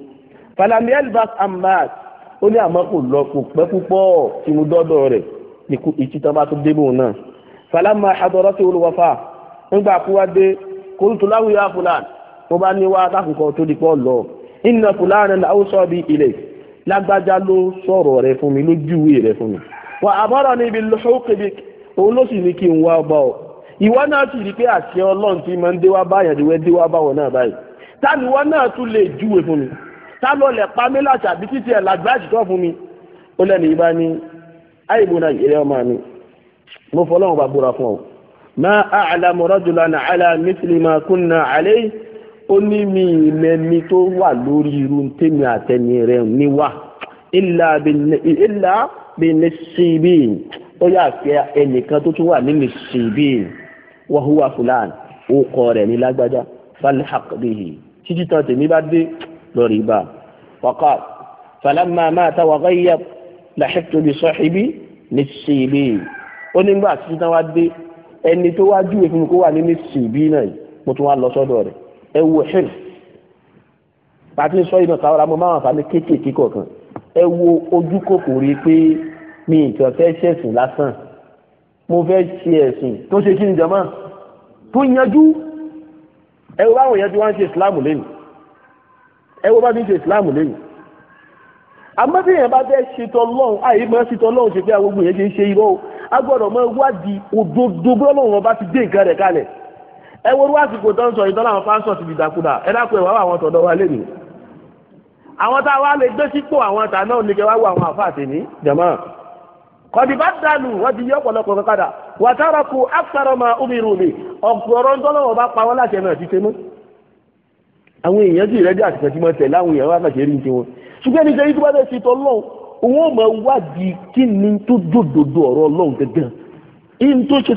S1: falami elbas ahmad ó ní àmọ́ kò lọ kò pẹ́ púpọ̀ tí mo dọ́dọ̀ rẹ̀ ikú ìtìtàn bá tó débò náà. falama adọ́rọ́ sí olùwàfà nígbà kú wá dé kóńtù láwùjọ fúlàn mo bá ní wá lákòókò tó di pọ́ lọ. inna fúlàn náà ó sọ bí ilé lágbájá ló sọ̀rọ̀ rẹ̀ fún mi ló júwe rẹ̀ fún mi. wà àbọ̀rọ̀ níbi lóṣù kébìkì òun ló sì ní ìwọ náà sì rí pé àṣẹ ọlọ́run ti máa ń dé wá báyàn ìwé dé wá báwọn náà báyìí ta ni ìwọ náà tún lè júwe fún mi ta ló lè pa mí láṣà bí títí ẹ̀ làgbá àṣìkọ́ fún mi ó lẹ́nu ìbá ní àìbò náà ìrẹ́ ọmọ mi mo fọlọ́run bá búra fún ọ ma a'lamu rajulan ala mithli ma kunna alayhi ó ní mi ìmẹ́ni tó wà lórí irú tèmi àtẹni rẹ̀ níwà ìlà bí ní ṣìbí ó yà fẹ́ ẹnìkan tó tún wà nínú ṣìbí wàhùwà fúlàn ó kọ rẹ̀ ní lágbájá falhaq bihi títí tán tèmi bá dé lọ́rí bá wàkà falamma mata waghayyab làṣẹ́tò bí sahibi ní ṣèlè ó nígbà títí tán wá dé ẹni tó wá júwe fún mi kó wà ní ní ṣèbí náà mo tún wá lọ sọ́dọ̀ rẹ̀ ẹ wo hẹ́l pàtí sọ ìdàn káwọ́ra mo máa ń fàmí kéékèèké kọ̀ọ̀kan ẹ wo ojú kòkòrò pé mi ìtàn fẹ́ ṣẹ̀sìn lásán mo fẹ́ ṣe ẹ̀sìn tó ṣe kí ni jama tó yanjú ẹwọ báwọn yanjú wá ń ṣe islam lẹ́nu ẹwọ bá ti ń ṣe islam lẹ́nu àmọ́ bí èèyàn bá fẹ́ ṣètò ọlọ́run àyè máa ṣètò ọlọ́run ṣe pé àwọn ogun yẹn ṣe ń ṣe irọ́ a gbọ́dọ̀ máa wádìí òdodo bọ́lọ́run ọba ti dé nǹkan rẹ̀ kalẹ̀ ẹ wo irú àsìkò tó ń sọ ìtọ́lá àwọn pásọ̀ ti di dàkúdà ẹ dákun ẹ̀ wá àwọn tọ̀dọ̀ wa lẹ́nu àwọn tá lè gbé sípò àwọn tà náà kẹ wá wo àwọn àfa àtẹ̀ní jàmáà kọ̀dìbá dànù wọ́n ti yí ọ̀pọ̀lọpọ̀ kankanà wàtàrà kù áfẹ́rọ̀ máa pa àwọn èèyàn sì rẹ́dí àtìkàn tí wọ́n nke láwọn èèyàn wá fàṣẹ rí tiwọn. ṣùgbọ́n tó bá tọ́ òun ò máa wádìí kí ni tó dòdòdò ọ̀rọ̀ in tó ṣe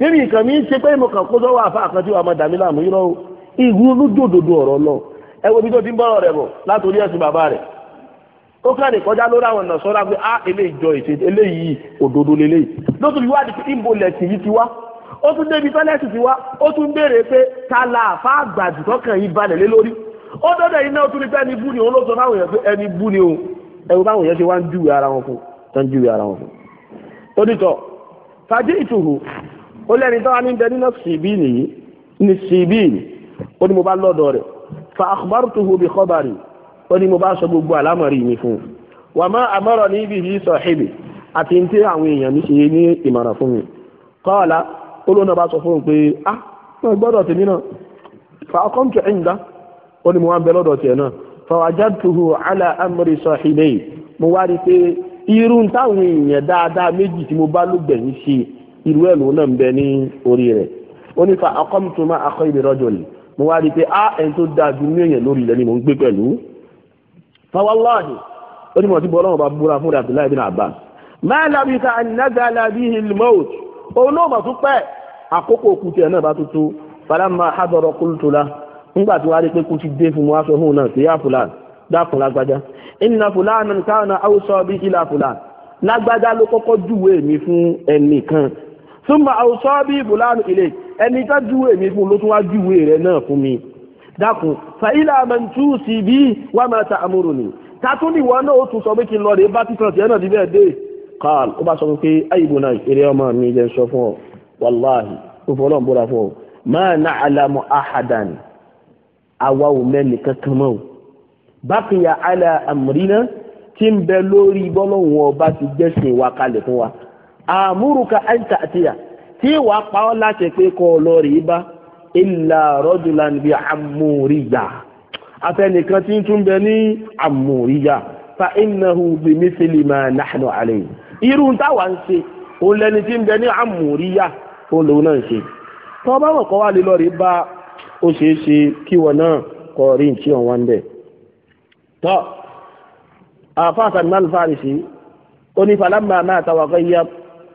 S1: nínú nǹkan mi ṣe pé mo kàn kó sọ́wọ́ àfa dàmí láàmú yìí dòdòdò ọ̀rọ̀ ẹ wo ó kí ẹnì kọjá lórí àwọn ọ̀nà sọ́ra pé á ah, eléyìí jọ ètè eléyìí òdodo lélẹ́yìí lótú ìwà àdìpé ìmọ̀lẹ̀sì yìí ti wá ó tún débi tọ́lẹ́sì ti wá ó tún béèrè pé ta la àfa àgbàdì tọkàn yìí balẹ̀ lé lórí ó dọ́dọ̀ yìí náà tún ní pé ẹni bú ni òun ló sọ fáwọn èèyàn pé ẹni bú ni òun ẹ̀rù báwọn èèyàn ṣe wá ń júwe ara wọn fún tó júwe ara wọn fún. ó fàájì ìtùhù ó lẹ́ni tó wá ní bẹ nínú síbí nìyí ní síbí ó ní mo bá lọ́dọ̀ rẹ̀ fa àkùbárùtùhù bí kọ́bárì ó ní mo bá sọ gbogbo àlámọ̀rí mi fún un wà má àmọ́rọ̀ ní ibi yìí sọ ṣèbè àti ní tí àwọn èèyàn mi ṣe ní ìmọ̀ràn fún mi kọ́ọ̀lá olóńgbà bá sọ fún un pé ah wọ́n gbọ́dọ̀ tèmi náà fa ọkọ̀ tó ẹ̀yìn dá ó ní mo wá ń bẹ lọ́dọ̀ tiẹ̀ náà fa wajadtuhu ala amri sọ̀hìnbẹ́ yìí mo wá rí i pé irú táwọn èèyàn dáadáa méjì tí mo bá lùgbẹ̀yìn ṣe irú ẹ̀ lòun náà ń bẹ ní orí rẹ̀ ó ní fa ọkọ̀ tó máa akọ ìbẹ̀rọ̀ jọ̀lì mo wá rí i pé ah ẹni tó dáa ju mí èèyàn lórí ilẹ̀ ni mò ń gbé pẹ̀lú fawalahi ó ní mo ti bọ́ ọlọ́run bá búra fún Abdullahi bin Abbas máa lábi ta ànágàlà bí ilmout òun náà bá tún pẹ́ àkókò òkú tiẹ̀ náà bá tuntun falamma hadọ̀rọ̀ kúlùtùlá ńgbà tí wàá rí pé kú ti dé fún mu aṣọ fún un náà sí yá fúlàní dákun lágbájá ìnà fúlàní káwọn àwùsọ bí ilà fúlàní lágbájá ló kọ́kọ́ júwèé mi fún ẹnìkan súnmọ́ àwùsọ bí fúlàní ilé ẹnì dákun fàílà àmàntú sí bí wà máa ta àmúrò ni tàtún ìwọ náà ó tún sọ pé kí n lọ rè bá di dé kaal ó bá sọ pé ayíbo náà eré ọmọ mi jẹ́ sọ fún ọ Awawu ó fọ́ ọlọ́run bóra fún ọ máa ná àlàmú àhàdàn àwa ò mẹ́ni bákìyà àmúrínà tí ń bẹ lórí bọ́lọ́hùn ti wa kalẹ̀ fún wa ìlà rọ́jùlán bíi àmúríyà afẹnìkan tí ń tún bẹ ní àmúríyà fa ìnáhu bíi mísìlì máa nàánú àlẹ́ irú táwa ń ṣe òun lẹni tí ń bẹ ní àmúríyà òun lòun náà ń ṣe tọ́ bá wọ̀ kọ́ wá lè lọ rí bá ó ṣeé ṣe kí wọn náà kọ rí ní tí wọn wá ń bẹ̀ tọ́ àfa Salman Farisi ó ní máa tàwa kọ́ yíyá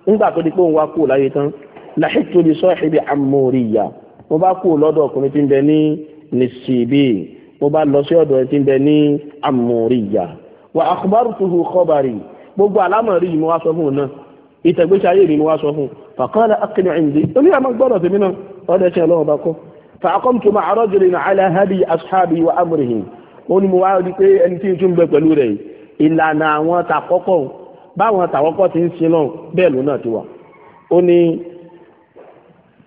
S1: nígbà tó di pé òun wá kú láyé tán làhìtò lè sọ àmúríyà mo bá kú lọ́dọ̀ ọkùnrin tí ń bẹ ní nìṣìbí mo bá lọ sí ọ̀dọ̀ ẹni tí ń bẹ ní amòríyà wà akhbartuhu khabari gbogbo àlámọ̀rí yìí mo wá sọ fún un náà ìtẹ̀gbésí ayé mi mo wá sọ fún un faqala aqni indi oní àmọ́ gbọ́dọ̀ tèmi náà ọ̀dọ̀ ẹ̀sìn ọlọ́run bá kọ́ faqamtu ma'a rajulin ala hadi ashabi wa amrihim ó ní mo wá rí pé ẹni tí n tún bẹ pẹ̀lú rẹ̀ ìlànà àwọn tàkọ́kọ́ báwọn tàkọ́kọ́ ti ń sin náà bẹ́ẹ̀ ló ti wà ó ní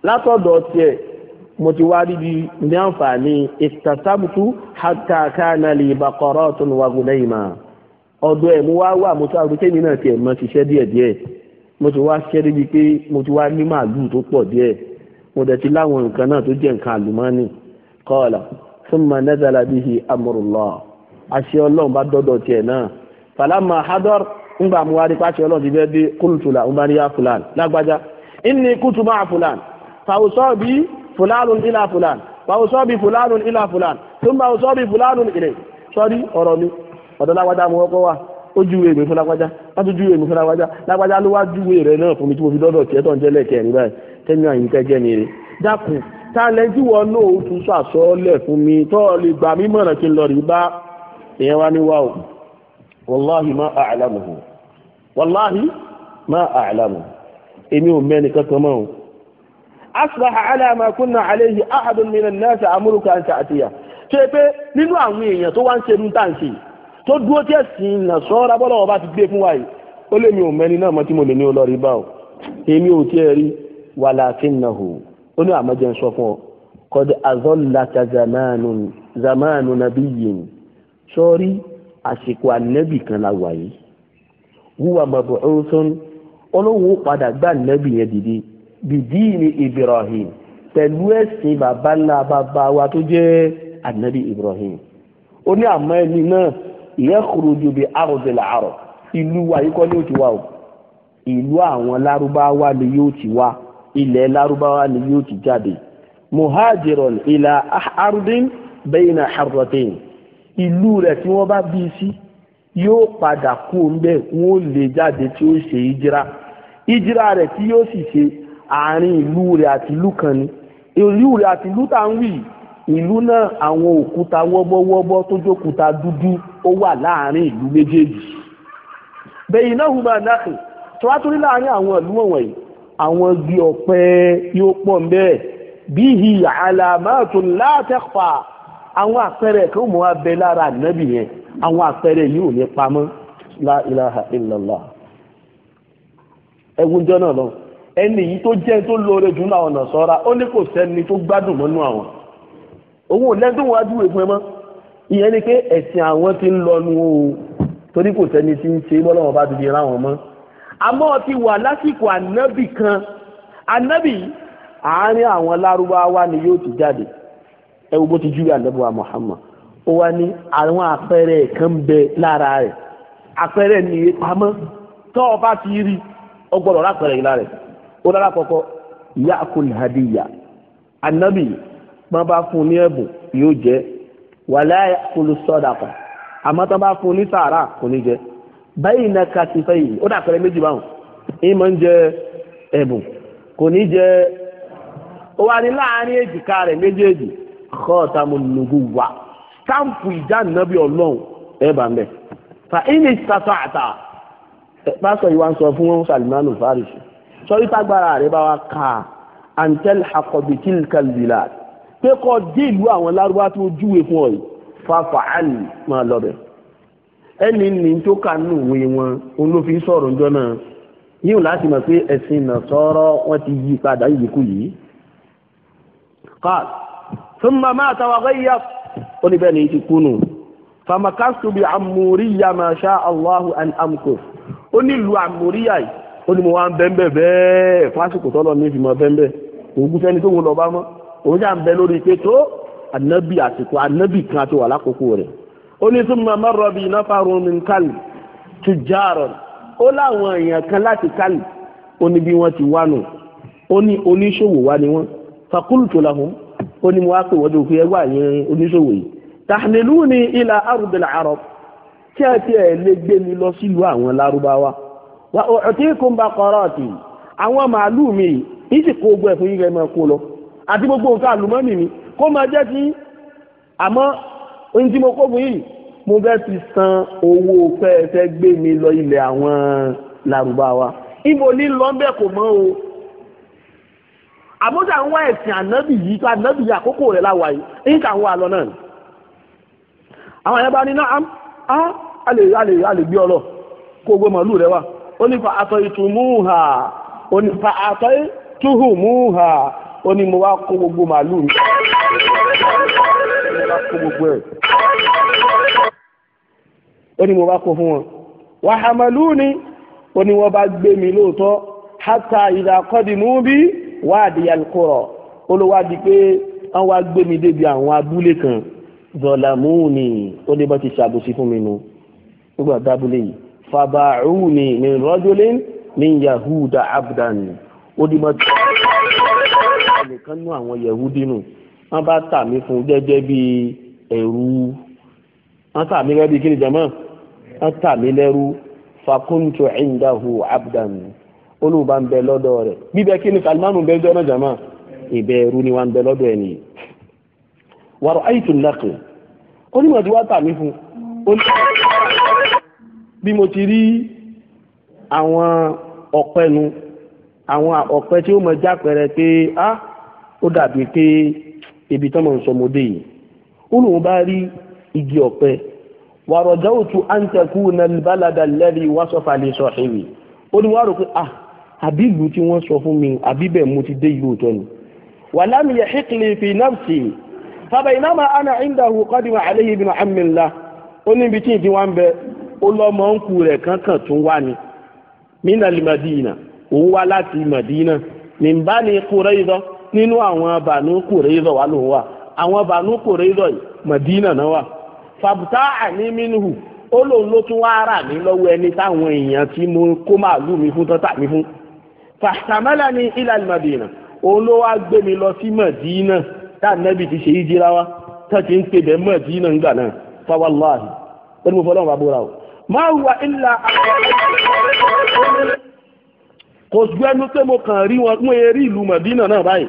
S1: látọ̀dọ̀ tiẹ̀ mo ti wá ríbi ní àǹfààní ìtàsábùtú hatta kana li baqaratun wa ghunayma ọ̀dọ̀ ẹ̀ mo wá wà mo tún àrùn kémi náà tiẹ̀ mọ ṣiṣẹ́ díẹ̀díẹ̀ mo ti wá ṣiṣẹ́ débi pé mo ti wá ní màálù tó pọ̀ díẹ̀ mo dẹ̀ ti láwọn nǹkan náà tó jẹ́ nǹkan àlùmọ́ọ́nì qala thumma nazala bihi amrullah àṣẹ ọlọ́run bá dọ́dọ̀ tiẹ̀ náà falamma hadar ńgbà mo wá rí pàṣẹ ọlọ́run ti fẹ́ فلان إلى فلان وأصاب فلان إلى فلان ثم أصاب فلان إليه sọ́rí ọ̀rọ̀ mi ọ̀dọ̀ lágbájá mo kọ́kọ́ wá ó júwe mi fún lágbájá wọ́n ju júwe mi fún lágbájá lágbájá ló wá júwe rẹ̀ náà fún mi tí mo fi dọ́dọ̀ tiẹ̀ tó ń jẹ́ lẹ́kẹ̀ẹ́ ní báyìí tẹ́mi àyíká mi dákun wọn náà mi tó lè gbà mí mọ̀ràn kí n lọ rí bá ìyẹn أصبح على ما كنا عليه أحد من الناس amuruka أن تأتيه. ṣe pé nínú àwọn èèyàn tó wá ń ṣerú tá à ń ṣe tó dúró tí ẹ̀sìn ìnà sọ́ra bọ́lá ọba ti gbé fún wa yìí ó lè mi ò mẹ́ni náà mọ́ tí mo lè ní olórí bá o èmi ò tiẹ̀ rí walakinnahu ó ní àmọ́jẹ́ ń sọ fún ọ qad azallaka zamanu zamanu nabiyyin sọ́rí àsìkò ànẹ́bì kan la wà yìí wúwa mab'uthun olówó padà gbà ànẹ́bì yẹn dìde bìdíìní ibrahim pẹ̀lú ẹ̀sìn bàbá ńlá bàbá wa tó jẹ́ anabi ibrahim ó ní àmọ́ ẹni náà ìyẹn kúròjò bíi arọ̀dẹ̀là àrọ̀ ìlú wa yìí kọ́ ni yóò ti wá o ìlú àwọn lárúbáwá ni yóò ti wá ilẹ̀ lárúbáwá ni yóò ti jáde muhajiron ilà arudin bẹ́yìnà harrotin ìlú rẹ̀ tí wọ́n bá bí sí yóò padà kú ń bẹ́ẹ̀ wọ́n lè jáde tí ó ṣe ìjira ìjira rẹ̀ tí yóò sì ṣe àárín ìlú rẹ̀ àti ìlú kan ni ìlú rẹ̀ àti ìlú tá ń wì ìlú náà àwọn òkúta wọ́bọ́wọ́bọ́ tó jókúta dúdú ó wà láàárín ìlú méjèèjì bẹ́ẹ̀ iná hùmà náà tó wá torí láàárín àwọn ìlú wọ̀nyí àwọn igi ọ̀pẹ yóò pọ̀ ń bẹ́ẹ̀ bíhi àlàmọ́tò látẹ̀pà àwọn àpẹẹrẹ kan mọ́ abẹ lára ànábì yẹn àwọn àpẹẹrẹ yìí ò ní pamọ́ la ilaha ẹ̀wùn jọ lọ́wọ́ ẹni yìí tó jẹ́ tó lóore jù náà ọ̀nà sọ́ra ó ní kò sẹ́ni tó gbádùn mọ́nú àwọn òun ò lẹ́dùn wájú ìfún ẹ mọ́ ìyẹn ni pé ẹ̀sìn àwọn ti ń lọnu o torí kò sẹ́ni tí ń ṣe bọ́lọ́wọ́ bá ti di ra wọn mọ́ àmọ́ ti wà lásìkò ànábì kan ànábì àárín àwọn lárúbáwá ni yóò ti jáde ẹ wo bó ti júwe ànábì wa Muhammad ó wá ní àwọn àpẹẹrẹ kan bẹ lára rẹ̀ àpẹẹrẹ nìyẹn pamọ́ tọ́ ọ bá ti rí ọgbọ́dọ̀ lápẹẹrẹ yìí lára rẹ̀ ó lára kọ́kọ́ yaakul hadiya anabi máa bá fún ní ẹ̀bùn yóò jẹ wàlá yaakul sadaqa àmọ́ tó bá fún ní sàárà kò ní jẹ báyìí na kàtìfẹ́ yìí ó dà pẹ̀lẹ́ méjì báwọn ìmọ̀ ń jẹ ẹ̀bùn kò ní jẹ ó wà ní láàárín èjìká rẹ̀ méjèèjì khatamun nubuwa sáǹpù ìjánabi ọlọ́run ẹ̀ bá ń bẹ̀ fa ìní sàtọ̀ àtà pásítọ̀ yìí wá ń sọ fún wọn Salmanul Farisi sọ wípé agbára rẹ bá wa kà antel akọbitil kalzila pé kọ dé ìlú àwọn lárúbá tó júwe fún ọ yìí fàfà àlì máa lọbẹ ẹni ní tó kà nù wé wọn òun ló fi sọ̀rọ̀ njọ náà yíò láti mọ̀ pé ẹ̀sìn náà sọ̀rọ̀ wọn ti yí padà yíkú yìí ká súnmọ́ máa tàwa gẹ́yà ó ní bẹ́ẹ̀ ni ti kúnnù famakastu bi amúríyà máa ṣá Allahu an ó nílùú amúríyà yìí ó ní mo wá ń bẹ́ńbẹ́ bẹ́ẹ̀ fásitì tọ́lọ̀ ní ìfìmọ̀ bẹ́ńbẹ́ òògùn fẹ́ni tó ń lọ bá mọ́ òun jà ń bẹ lórí pé tó ànábì àsìkò ànábì kan àti wà lákòókò rẹ̀ ó ní súnmọ́ mọ́rọ́bì náfàrún min kálí tùjárọ̀ ó láwọn èèyàn kan láti kálí ó ní bí wọ́n ti wá nù ó ní oníṣòwò wá ni wọ́n fakultu lahum ó ní mo wá pè wọ́n tó fi ẹ wá yẹn oníṣòwò yìí tahmiluni ila arudil arab kí ẹ tiẹ̀ lè gbé mi lọ sílùú àwọn lárúbáwá wà u'tikum baqarati àwọn màálù mi yìí sì kó gbọ́ ẹ̀fún yín ẹ̀mọ́ kó lọ àti gbogbo nǹkan àlùmọ́nì mi kó máa jẹ́ sí àmọ́ ohun tí mo kó yìí mo fẹ́ fi san owó fẹ́ẹ́fẹ́ gbé mi lọ ilẹ̀ àwọn Lárúbáwá ibo ní lọ́ńbẹ̀ kò mọ́ o àbójà ń wá ẹ̀sìn ànábì yìí tó ànábì yìí àkókò rẹ̀ láwàá yìí ń kà ń náà àwọn ẹ̀yà bá náà a lè gbé ọ lọ kó o gbé màálù rẹ wá ó ní fa àtọ̀ ìtùmúhà ó ní fa àtọ̀ ìtùhùmúhà ó ní mo wá kó gbogbo màálùú mi mo wá kó gbogbo ẹ̀ ó ní mo wá kó fún wọn wàhámàlú ni ó ní wọ́n bá gbé mi lóòótọ́ hátà ìdàkọ́dìmú bí wáàdì alukọ̀rọ̀ ó pé wọ́n wá gbé mi débi àwọn abúlé kan zọlámù ni ó ti ṣàbòsí fún mi nu nígbà dábúlé yìí fàbàáhùnì ní rọ́jòlín ní yahuda abdan ó di mọ́ tí nìkan nú àwọn yahudi nù wọ́n bá tà mí fún gẹ́gẹ́ bí ẹ̀rú wọ́n tà mí lẹ́rú kí ni jẹ́mọ́ wọ́n tà mí lẹ́rú fakuntu indahu abdan olùbá ń bẹ lọ́dọ̀ rẹ̀ bíbẹ kí ni kalimanu bẹ jọ́ náà jẹ́mọ́ ìbẹ̀rù ni wọ́n ń bẹ lọ́dọ̀ ẹ̀ nìyí wàrọ̀ ayé tó ń lakùn wọ́n tà mí fún onímọ̀ bí mo ti rí àwọn ọ̀pẹ nu àwọn ọ̀pẹ tí ó mọ jápẹrẹ pé á ó dàbí pé ibi tán mọ̀ ń sọmọdé yìí ó lóun bá rí igi ọ̀pẹ wàrọ̀já òtún àǹtẹ̀kù nàìbálàdà lẹ́rì wàṣọ̀fà lè sọ ìwé ó ní wàá rò pé à ah, àbí ìlú tí wọ́n sọ fún mi àbí bẹ́ẹ̀ mo ti dé ìlú òtọ́ ni. wàlámi yẹ hikili fi nafsi fàbẹ̀yìnàmà àná ìndàhù kọ́dìmọ̀ àlẹ́yìn ibn ammi Allah ó ní ibi tí ìdí ó lọ́mọ ńkù rẹ kankan tún wá ni minal madina òun wá láti madina min bani nínú àwọn banu Qurayza wà lóun wà àwọn banu Qurayza madina náà wà fàbùtà àní minhu ó lóun ló tún wá rà mí lọ́wọ́ ẹni táwọn èèyàn ta mo kó màálù mi fún tọ́tà mi fún fàtàmẹ́lá mi lọ ti ṣe wa ti ń pè madina ńgbà náà fáwọn ó o máa wa ìlà kò ju ẹnu pé mo kàn ri wọn mo eré ìlú mọ̀dínà náà báyìí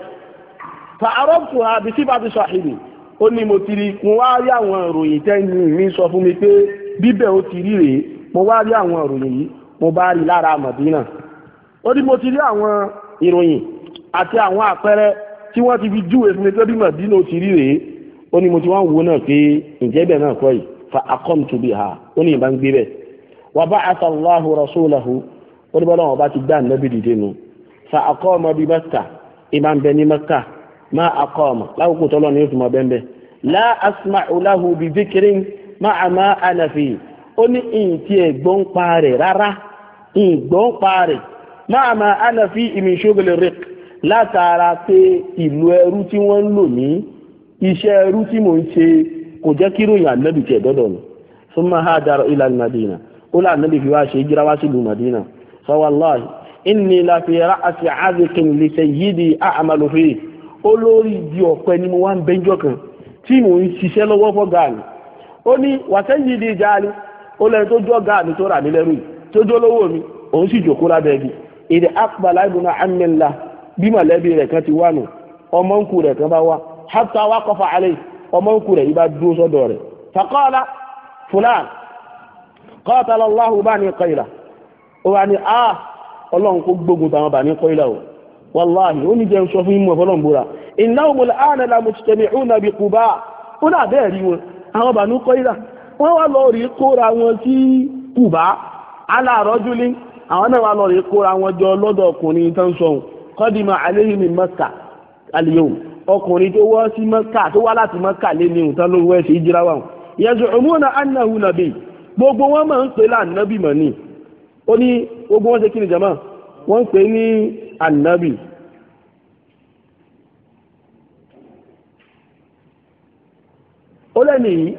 S1: fa arọ́pù àbí tí bá ti sọ àìní mo ti rí mo wá rí mi sọ fun mi pe o ti rí mo wa rí àwọn mo ba ri lara mọ̀dínà o ní mo tiri rí iroyin ati àti apere ti ti fi ju fún mi pé mo ti wo na pe fa aqamtu biha ó ní ìbá ń gbé bẹ́ẹ̀ wa ba'atha Allahu rasulahu ó ní bọ́lá wọn bá ti gbá ànábì dìde nu fa aqama bi Makkah ìbá ń bẹ ní Makkah ma aqama lákòókò tọ́lọ́ ní ìtumọ̀ bẹ́ẹ̀ bẹ́ẹ̀ la asma'u lahu bi dhikrin ma'a ma ana fi ó ní ìtì ẹ̀gbọ́n pa rẹ̀ rárá ìgbọ́n pa rẹ̀ ma'a ma ana fi min shughli riq látara pé ìlú ẹrú tí wọ́n ń lò ní iṣẹ́ ẹrú tí mò ń ṣe kò jẹ́ kí ròyìn ànábì tiẹ̀ dọ́dọ̀ ni summa hajara ila al-Madina ó lá ànábì fi wá ṣe hijira wá sílùú Madina fa wallahi inni la fi ra'si azikin li sayyidi a'malu fi olórí di ọ̀pẹ ni mo wá ń bẹ́jọ́ kan tí mò ń ṣiṣẹ́ lọ́wọ́ fọ́gà ni ó ní wàtẹ́yìí di ìjà ni ó lẹ́yìn tó jọ́ ọ̀gá mi tó rà mí lẹ́rù yìí tó jọ́ lówó mi òun sì jòkó lábẹ́ igi èdè akpala ibùnà amínlá bí mọ̀lẹ́bí rẹ̀ kan ti wá nù ọmọ ńkù rẹ̀ kan bá wá hátà wá kọfà àlẹ́ yìí ọmọ òkú rẹ̀ ibà dúró sọ́dọ̀ rẹ̀ faqala fulan qatala Allahu bani Qayla ó wà ní a ọlọ́run kó gbógun tàwọn bani Qayla o wàláhì ó ní jẹun sọ fún ìmọ̀ fọlọ́n búra innahum al-ana la mujtami'una bi Quba ó náà bẹ́ẹ̀ rí wọn àwọn wá ala àwọn náà wá lọ rí kóra wọn jọ ọkùnrin tán ọkùnrin tó wọ́ sí mọ́kà tó wá láti mọ́kà lé ní ìtàn lówó ẹ̀sìn ìjíráwá wọn yaz'umuna annahu nabi gbogbo wọn máa ń pè lánàbì mọ̀ ni ó ní gbogbo wọn ṣe kí ni jama wọ́n ń pè ní ànàbì ó lẹ́nu yìí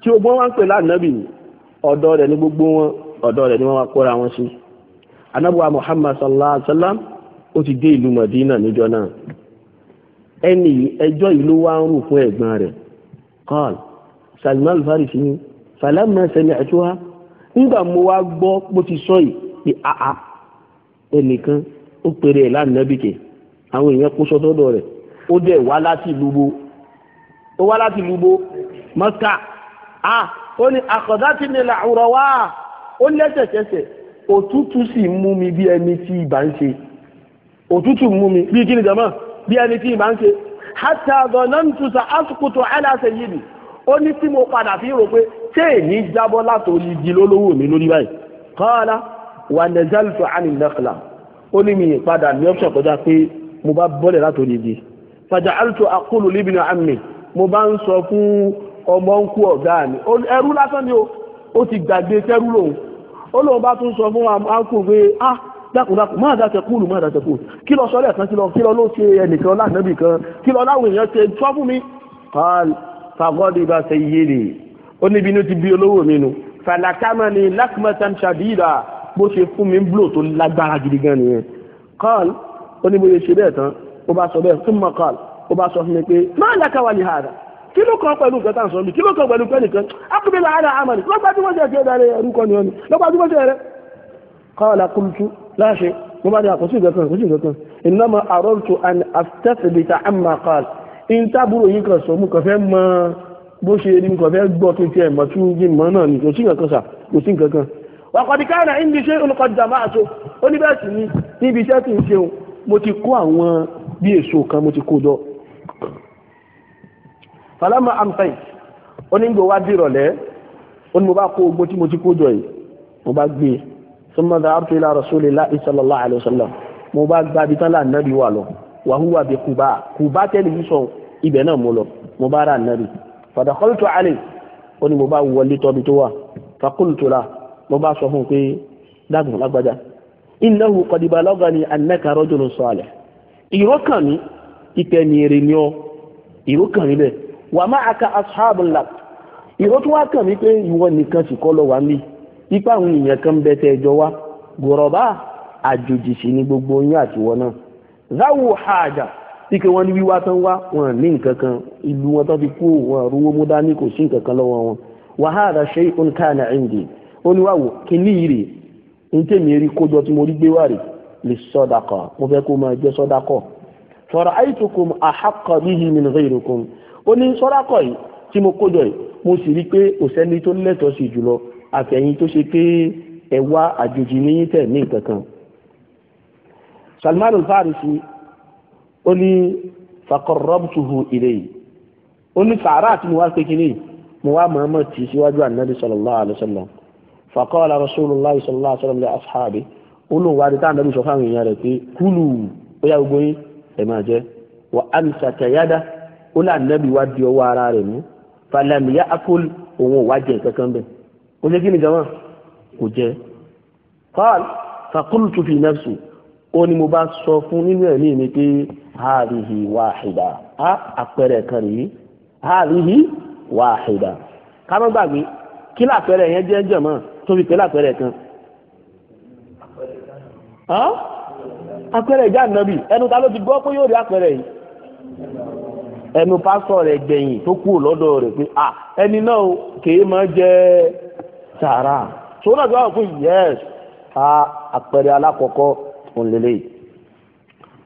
S1: tí gbogbo wọn ń pè lánàbì ọ̀dọ̀ rẹ̀ ní gbogbo wọn ọ̀dọ̀ rẹ̀ ni wọ́n wá kóra wọn sí anábùwà Muhammad sallallahu alaihi wa sallam ó ti dé ìlú Madina níjọ náà ẹni ẹjọ́ yìí ló wá ń rò fún ẹ̀gbọ́n rẹ̀ qal Salman al-Farisi ni falamma sami'tuha nígbà mo wá gbọ́ bó ti sọ yìí pé àá ẹnìkan ó pèrè ẹ̀ lánàbìkẹ́ àwọn èèyàn kó sọ́tọ́dọ̀ rẹ̀ ó dẹ̀ wá láti lúbo ó wá láti lúbo mọ́ká a ó ní àkọ́dá tí nílà ọ̀rọ̀ wá ó lẹ́sẹ̀kẹsẹ̀ òtútù sì mú mi bí ẹni tí ibà ń ṣe òtútù mú mi bí kí ni jàmáà bí ẹni tí ìbá ń ṣe hátà gọ̀nàmtùsà àsùkùtù aláṣẹ yìí ni ó ní tí mo padà fi rò pé ṣé èmi jábọ́ látòrí di lólówó mi lórí báyìí kọ́ọ̀lá wà nẹ̀zálùtò àní nàkàlà ó ní mi padà ní ọ́pṣọ̀ kọjá pé mo bá bọ́lẹ̀ látòrí di fàjà àlùtò àkúlù líbìnà àmì mo bá ń sọ fún ọmọ ń kú ọ̀gá mi ẹrú lásán ni ó ti gbàgbé tẹ́rú lòun ó lóun bá tún sọ fún àkùn pé ah dákùndákù máa dá tẹkùlù máa dá tẹkùlù kí lọ sọ lẹ́ẹ̀kan kí lọ kí lọ ló ṣe ẹnìkan lánàbì kan kí lọ láwọn èèyàn ṣe sọ fún mi. fagọ́dì bá ṣe iye rè ó níbi inú ti bí olówó mi nu fàlàkàmà ni lákùmẹ́tàn ṣàdídà bó ṣe fún mi ń blò tó lágbára gidi gan nìyẹn. kọ́l ó ní bóyá ṣe bẹ́ẹ̀ tán ó bá sọ bẹ́ẹ̀ fún mọ́ kọ́l ó bá sọ fún mi pé máa lákà wà ní hàdà kí ló kàn pẹ̀lú nǹkan tá à ń sọ mi kí ló kàn pẹ̀lú pẹ́ẹ́nìkan ápùdé làárà àmàlì lọ́gbàdúgbò ṣe ẹ̀ṣẹ̀ rẹ̀ ẹ̀rú kan ni wọ́n ni lọ́gbàdúgbò ṣe rẹ̀ قال قلت لا شيء وما دي اقصد كان اقصد كان انما اردت ان استثبت عما قال ان تبرو يكن سو مو كان فẹ́ mọ̀ bó ṣe rí nǹkan fẹ́ gbọ́ kí n tiẹ̀ mọ̀ tún yí mọ́ náà ni kò sí nǹkan kan sà kò sí nǹkan kan. wàkàtí káàna ìdí ṣé olùkọ́jà máa so ó ní bẹ́ẹ̀ sì ni níbi iṣẹ́ tí ń ṣe òun mo ti kó àwọn bí èso kan mo ti kó jọ. falama amtain onígbò wa dìrọ̀lẹ́ ó bá kó ogbó tí mo ti kó jọ yìí mo bá gbé e ثم ذهبت إلى رسول الله صلى الله عليه وسلم mo bá gba ibi tán láàánàbí wà lọ wàhúwà bí kùbá kùbá tẹlifíṣàn ibẹ̀ náà mo lọ mo bá rà nàbí fàdàkọ́lùtò àlè ó ní mo bá wọlé tọ́bi tó wà fàkùlùtò la mo bá sọ fún un pé dágùn lágbájá innahu qad balagani annaka rajulun salih ìró kàn mí ìpẹ́ ní èrè ni ọ ìró kàn mí bẹ́ẹ̀ wà má aka ashabun lak ìró tó wá kàn mí pé ìwọ nìkan sì kọ́ lọ wà mí ipa àwọn èèyàn kan bẹ tẹ ẹjọ wa gòrọ̀bá àjòjì sí ni gbogbo yín àti wọn náà záwò hàjà tí kí wọ́n ní wíwá tán wá wọn ní nǹkan kan ìlú wọn tó fi kú wọn rówó mú dání kò sí nǹkan kan lọ́wọ́ wọn wàhálà ṣe oníkàánà ẹ̀ǹdì ó kí ní ìrè ní tèmi rí kójọ tí mo rí gbé wà rè lè sọdakọ mo fẹ́ kó máa jẹ́ sọdakọ fọ̀rọ̀ àìtùkùn àhàkọ́ bíhi min ghayrikum ó ní sọdakọ yìí tí mo kójọ yìí mo sì rí pé òsẹ́ni tó lẹ́tọ̀ọ́ sí jùlọ àtẹ̀yìn tó ṣe pé ẹ wá àjòjì ní tẹ̀ ní nǹkan kan Salman al-Farisi ó ní faqarrabtuhu ilayhi ó ní sàárà tí mo wá pé kíní mo wá mọ̀ọ́mọ̀ tì í síwájú ànábì sallallahu alaihi wasallam faqala rasulullah sallallahu alaihi wasallam li ashabi olùwádìí táwọn ànábì sọ fáwọn èèyàn rẹ̀ pé kúlù ó yá gbogbo yín ẹ̀ máa jẹ́ wa amsaka yada ó lànàbì wá di ọwọ́ ara rẹ̀ mú falam ya'kul òun ò wá jẹ nǹkan kan bẹ́ẹ̀ kò jẹ́ kí ni jama kò jẹ́ paul fakultu fi nafsi ó ní mo bá sọ fún nínú ẹ̀mí mi pé hàlìhì wàhìdà á àpẹẹrẹ kan rèé hàlìhì wàhìdà ká má gbàgbé kí lápẹẹrẹ yẹn jẹ́ jama tó fi pé lápẹẹrẹ kan àpẹẹrẹ ìjà nàbì ẹnu ta ló ti gbọ́ pé yóò rí àpẹẹrẹ yìí ẹnu pásọ rẹ gbẹ̀yìn tó kú lọ́dọ̀ rẹ̀ pé ẹni náà kèé máa jẹ́ sàárà tó náà gbà fún yẹ́s a àpẹẹrẹ alákọ̀ọ́kọ́ òǹlẹ̀lẹ̀ yìí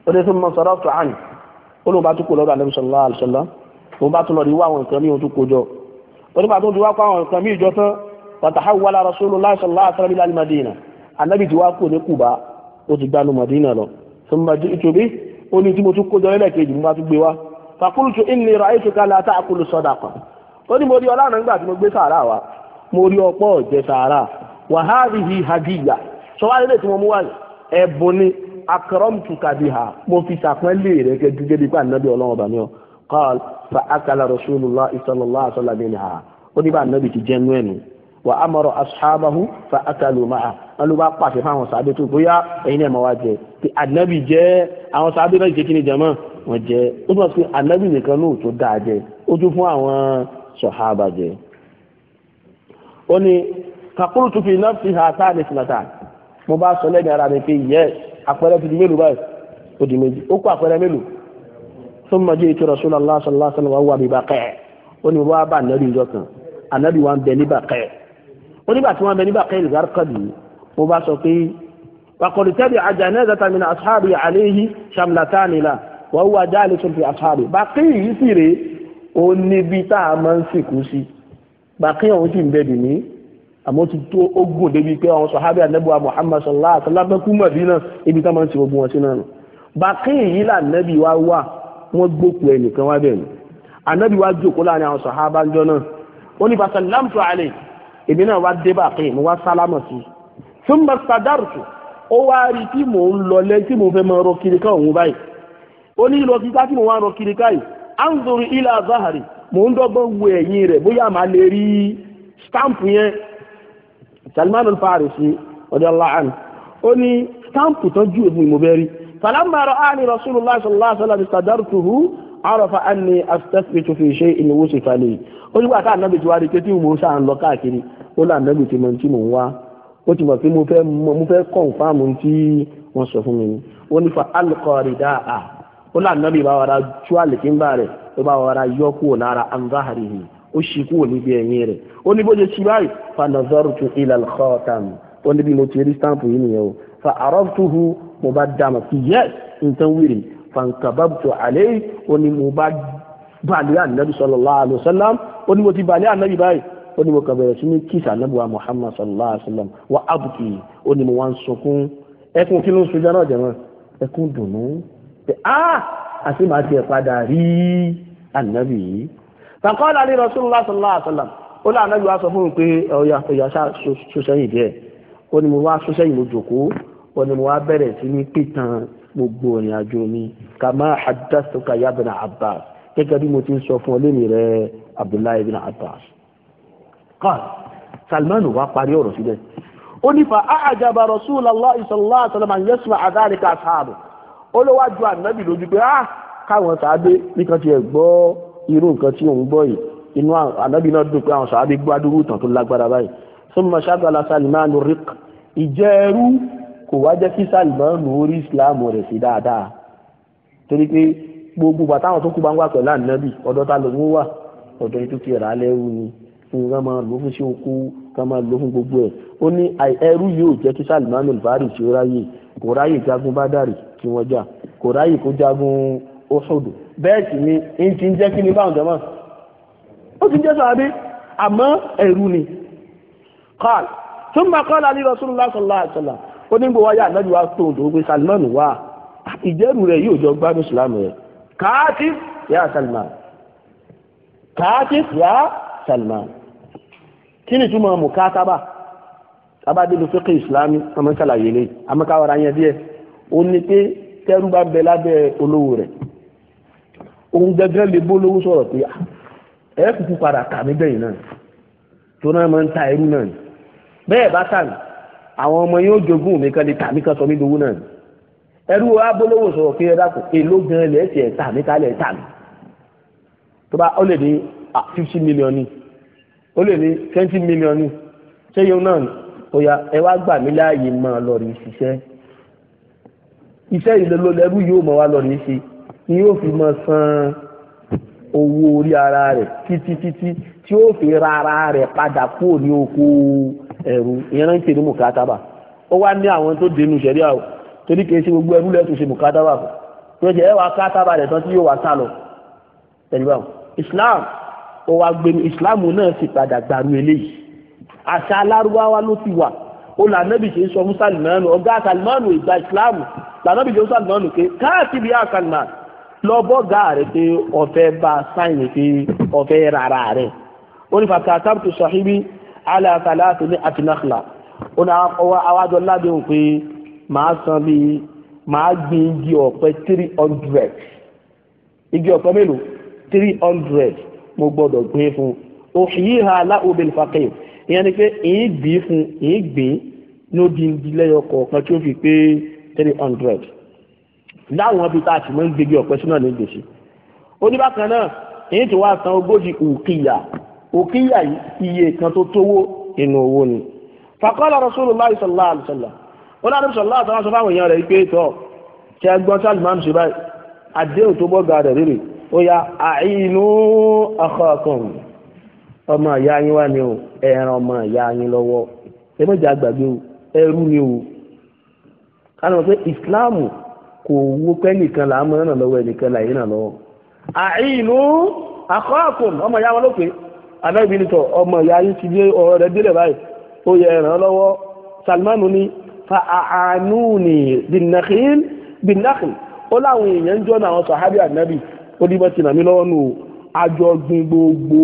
S1: ó dé fún mọ́sọ̀rọ̀ tó àn olùbá tó kò lọ́dọ̀ àlẹ́bí sọ̀rọ̀ àlùsọ̀lá òun bá tún lọ rí wá àwọn nǹkan míì tó kó jọ onípa tó ti wá kó àwọn nǹkan míì jọ tán wàtàhàwàlà rasulullah sallallahu alaihi wasallam ila madina anabi ti wá kó ní kùbá ó ti gbanú madina lọ sọmọba ìtòbí ó ní tí mo tún kó jọ lẹ́lẹ́kejì mo bá tún gbé wá fàkúrùtù ìnira ètò kálá tá a kan ó ní mo rí ọlọ́run mo rí ọpọ́ ọ̀jẹ̀ sàárà wàhálì hi hadiya sọwádìí lè tí mo mú wá ẹ̀bùn ni akramtuka biha mo fi sàpẹ́lì rẹ̀ kẹ́ gẹ́gẹ́ bí pàǹdà bí ọlọ́wọ́ bàmí ọ qal fa akala rasulullah sallallahu alaihi wasallam minha ó ní bá ànábì ti jẹ́ nú ẹ̀nu wa amara ashabahu fa akalu ma'a wọn ló bá pàṣẹ fáwọn sábẹ́ tó bóyá ẹ̀yin náà máa wá jẹ pé ànábì jẹ́ àwọn sábẹ́ náà jẹ́ kí ni jẹ́mọ́ wọn jẹ́ ó tún bá sọ ànábì nìkan náà tó dáa jẹ ó tún fún àwọn sọ̀hábà ó ní kàkúrú tufi iná fi hà tá àlè fìlàtà mo bá sọ lẹ́yìn ara mi pé yẹ àpẹẹrẹ ti di mélòó báyìí ó di méjì ó kó àpẹẹrẹ mélòó tó mọ jẹ́ ìtura sọ́lá aláṣọlá sọ́lá wà wà bíbá kẹ́ ẹ̀ ó ní wọ́n bá ànábì ìjọ kan ànábì wa ń bẹ níbà kẹ́ ẹ̀ ó nígbà tí wọ́n bẹ níbà kẹ́ ẹ̀ lùgárì mo bá sọ pé wàkọ̀dù tẹ́bi àjànẹ́zàtà mi ní asáàbì àléhi sàmlátánì la wọ́n wà jáde tó fi asáàbì bàkẹ́ yìí sì rèé ó níbi tá a máa ń sìnkú sí gbàkí ọ̀hún sì ń bẹ dì ní àmọ́ ti tó ogun débi pé àwọn sọ̀hábì ànábùwà Muhammad sallallahu alaihi wasallam kú Mádínà ibi tá máa ń ti gbogbo wọn sí náà nù gbàkí yìí là nẹ́bí wa wà wọ́n gbókù ẹnìkan wá bẹ̀rẹ̀ ànábì wa jókòó láàrin àwọn sọ̀hábà ń jọ náà ó ní fasalam tó àlè èmi náà wá dé bàkí mo wá sálámà sí i fún masadartu ó wá rí tí mò ń lọlé tí mo fẹ́ máa rọ kiri ká òun báyìí ó ní ìlọ anzuru ila zahari mò ń dọ́gbọ́n wo ẹ̀yìn rẹ̀ bóyá màá lè rí stampu yẹn Salman al-Farisi radiyallahu anhu ó ní stampu tó ju èmi mo bẹ́ rí falamma ra'ani rasulullah sallallahu alaihi wasallam istadartuhu arafa anni astathbitu fi shay'in wusifa li ó nígbà tá ànábì tí wàá rí kétí mo sáà ń lọ káàkiri ó là ànábì tí mo ti mò ń wá ó ti mọ̀ pé mo fẹ́ kọ̀ǹfàmù tí wọ́n sọ fún mi ó ní fa alqaridaa ó nabi nàbí bá wàrà tú àlìkínbà rẹ̀ ó bá wàrà yọ kúrò lára anzahari yìí ó ṣì kúrò níbi ẹ̀yìn rẹ̀ ó ní bó fa nazartu ila al-khatam ó ní bí mo ti rí stamp yìí nìyẹn fa araftuhu mo bá Yes sí yẹ fa nkababtu alayhi ó ní mo bá balẹ̀ ànábì sallallahu alayhi wa sallam ó ní mo ti balẹ̀ ànábì báyìí ó ní mo kàn bẹ̀rẹ̀ sí ní kíìsì wa muhammad sallallahu alayhi wa sallam wa abuki ó ní mo wá ń sunkún ẹkún kí ló ń sunjá pé ah àti màá tiẹ̀ padà rí ànábì yìí. fàkọ́lá ní rasulullah sallallahu alaihi wasallam ó lé ànábì wa sọ fún mi pé ọ̀yà ọ̀yà sọ́sẹ́yìn díẹ̀ ó ní mo wá sọ́sẹ́yìn mo jókòó ó ní mo wá bẹ̀rẹ̀ sí ní pìtàn gbogbo ìrìn àjò mi kàmá haddathuka ya ibn abbas gẹ́gẹ́ bí mo ti ń sọ fún ọ lẹ́mìí rẹ abdullahi ibn abbas. kan salman wa parí ọ̀rọ̀ sílẹ̀ ó ní fa àjàbà rasulullah sallallahu alaihi wasallam yẹ́sùn ó ló wá ju ànábì lójú pé ah káwọn sàábé nìkan tiẹ̀ gbọ́ irú nǹkan tí òun gbọ́ yìí inú ànábì náà dùn pé àwọn sàábé gbádùn ìtàn tó lágbára báyìí sọmọ ṣàgbàlá Salmanu rik ìjẹ́rú kò wá jẹ́ kí Salmanu orí ìsìláàmù rẹ̀ sí dáadáa torí pé gbogbo bàtà àwọn tó kú bá ń wà pẹ̀lú ànábì ọ̀dọ́ ta lòun wà ọ̀dọ́ yìí tó fi rà á lẹ́rú ni fún ká máa lò fún sí okú ká máa lò fún gbogbo ẹ̀ ó ní ẹrú yìí ò jẹ́ kí Salmanu al-Farisi ráyè kò ráyè jagun bádàrí tí wọ́n jà kò ráyè kó jagun Uhud bẹ́ẹ̀ sì ni ń ti ń jẹ́ kí ni báwọn jọmọ́ ó ti jẹ́ sàádé àmọ́ ẹ̀rù ni kọ́l tó ń bá kọ́lá ní Rasulullah sallallahu alaihi ó ní gbowó ayé ànájú wa tó ń tó gbé Salman wá ìjẹ́rù rẹ̀ yóò jọ gbá mùsùlámù rẹ̀ káàtì yá Salman káàtì yá Salman kí ni túmọ̀ mù káàtàbà tábàdínú fíkì ìsìlámù amẹ́kàlàyé lé amẹ́kàwárà yẹn díẹ̀ ó ní pé tẹ́rù bá bẹ lábẹ́ olówó rẹ̀ òun gẹ́gẹ́ lè bó lówó sọ̀rọ̀ pé ah, ẹ kúkú padà kà mí gbẹ̀yìn náà tó náà máa ń ta irú náà bẹ́ẹ̀ bá tà ní àwọn ọmọ yóò jogún mi kan lè tà mí kan sọ mí lówó náà ẹrú abólówó sọ̀rọ̀ pé ẹ dákun èló gan lẹ̀ tiẹ̀ tà mí kálẹ̀ tà mí tó bá ó lè ní ah, fifty million ni ó lè ní twenty million ni ṣé yóò náà ó yá ẹ wá gbà mí láàyè máa lọ rí ṣiṣẹ́ iṣẹ́ ìlolo lẹ́rú yóò mọ̀ wá lọ rí ṣe ni yóò fi mọ san owó orí ara rẹ̀ títí títí tí ó fi ra ara rẹ̀ padà kúrò ní oko ẹ̀rú ìyẹn náà ń pè mùkátàbà ó wá ní àwọn tó dénú ṣẹ̀ríà o torí kìí ṣe gbogbo ẹrú lẹ́tù ṣe mùkátàbà fún tó jẹ́ ẹwà kátàbà rẹ̀ tán tí yóò wá sá lọ ẹ̀rí báwọn Islam ó wá gbé Islam náà sì padà gbàrú eléyìí àṣà alárúbáwá ló ti wà ó là nẹ́bì ṣe ń sọ fún Salimanu ọ̀gá Salimanu ìgbà ìsìláàmù là nẹ́bì ṣe ń sọ Salimanu pé káàkiri yà Salimanu lọ bọ́gà rẹ̀ pé ọ̀fẹ́ bá sáyìn pé ọ̀fẹ́ rárá rẹ̀ ó ní fàtà sábùtù sọ̀híbí aláàtàlá àti ní àtìnáàkìlá ó ní àwájọ ládéhùn pé màá san bí màá gbin igi ọ̀pẹ three hundred igi ọ̀pẹ mélòó three hundred mo gbọ́dọ̀ gbé fún òṣìyí ha aláhùn bẹ́ẹ̀ fàkẹ́yìn ìyẹn ni pé ìyín gbé fún ìyín gbé ló di ń kọ̀ọ̀kan tí ó fi pé three hundred láwọn ibi tá a sì máa ń gbégi ọ̀pẹ sínú ní gbèsè oníbàkan náà èyí tí wàá san ogójì òkìyà òkìyà iye kan tó tówó inú owó ni fàkọ́lá rasulullah sallallahu alaihi wasallam ó náà níbi sallallahu alaihi wasallam sọ fáwọn èèyàn rẹ̀ pé tọ́ ṣe ẹgbọ́n tí alimami ṣe báyìí àdéhùn tó bọ́ ga rírì ó yá àìnú akhakum ọmọ ìyá yín wá ni o ẹran ọmọ ìyá yín lọ́wọ́ ẹ mọ̀jà àgbàgbé o ẹrú ni o kálọ̀ pé Islam kò wó pẹ́nìkan là á mọ̀ ẹ̀ràn lọ́wọ́ ẹnìkan là yín náà lọ́wọ́ àìlú akọ́kùn ọmọ ìyá wọn lópin anábì nítọ̀ ọmọ ìyá yín ti dé ọ̀rọ̀ rẹ̀ délẹ̀ báyìí ó yẹ ẹ̀ràn lọ́wọ́ Salmanu ni fa àánú ni bìnnàkìl bìnnàkìl ó láwọn èèyàn jọ́nà àwọn sàhábì ànábì ó ní bá ti nà mí lọ́wọ́ nù àjọgbìn gbogbo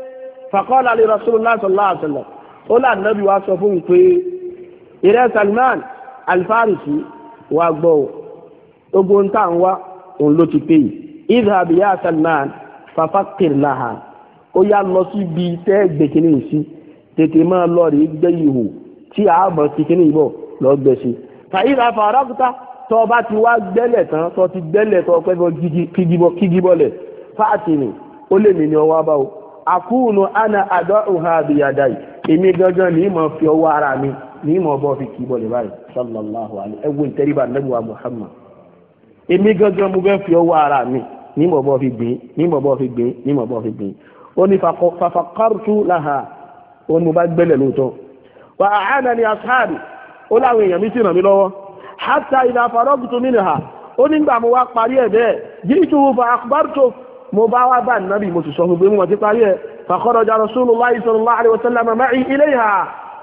S1: fàkọ́lá lè rasulullah sallallahu alaihi wasallam ó là nàbí wa sọ fún un pé ìrẹ́ Salman alfarisi wà gbọ́ ọ gbogbo ń tà ń wá òun ló ti pè yìí idhab ya Salman fafakir laha ó yá lọ síbi tẹ́ gbẹ̀kínní sí tètè máa lọ rí gbẹ́ ihò tí a bọ̀ sí bọ̀ lọ gbẹ̀ sí. fàyíra fàràkùtà tó o bá ti wá gbẹ́lẹ̀ tán tó o ti gbẹ́lẹ̀ tó o pẹ́ bọ́ kígibọ́lẹ̀ fáàtì ni ó lè mí ni ọwọ́ bá o. àfúùnù na àdọ́ òhà àbíyàdáì èmi gangan ní ìmọ̀ fi ọwọ́ ara mi ní ìmọ̀ ọbọ̀ fi kì í báyìí sallallahu alayhi ẹgbẹ́ ìtẹ́ríbà muhammad èmi gangan mo fẹ́ fi ọwọ́ ara mi ní ìmọ̀ ọbọ̀ fi gbìn ní ìmọ̀ fi gbìn ní ìmọ̀ fi gbìn ó ní ó ní mo bá gbẹ́lẹ̀ lóòótọ́ wà á ni ó láwọn èèyàn mi sì ràn mí lọ́wọ́ mo bá wá bá nàbì mo sì sọ fún pé mo ti parí ẹ fàkọ́rọ̀jà Rasulullahi sallallahu alaihi wasallam ma'i ilayha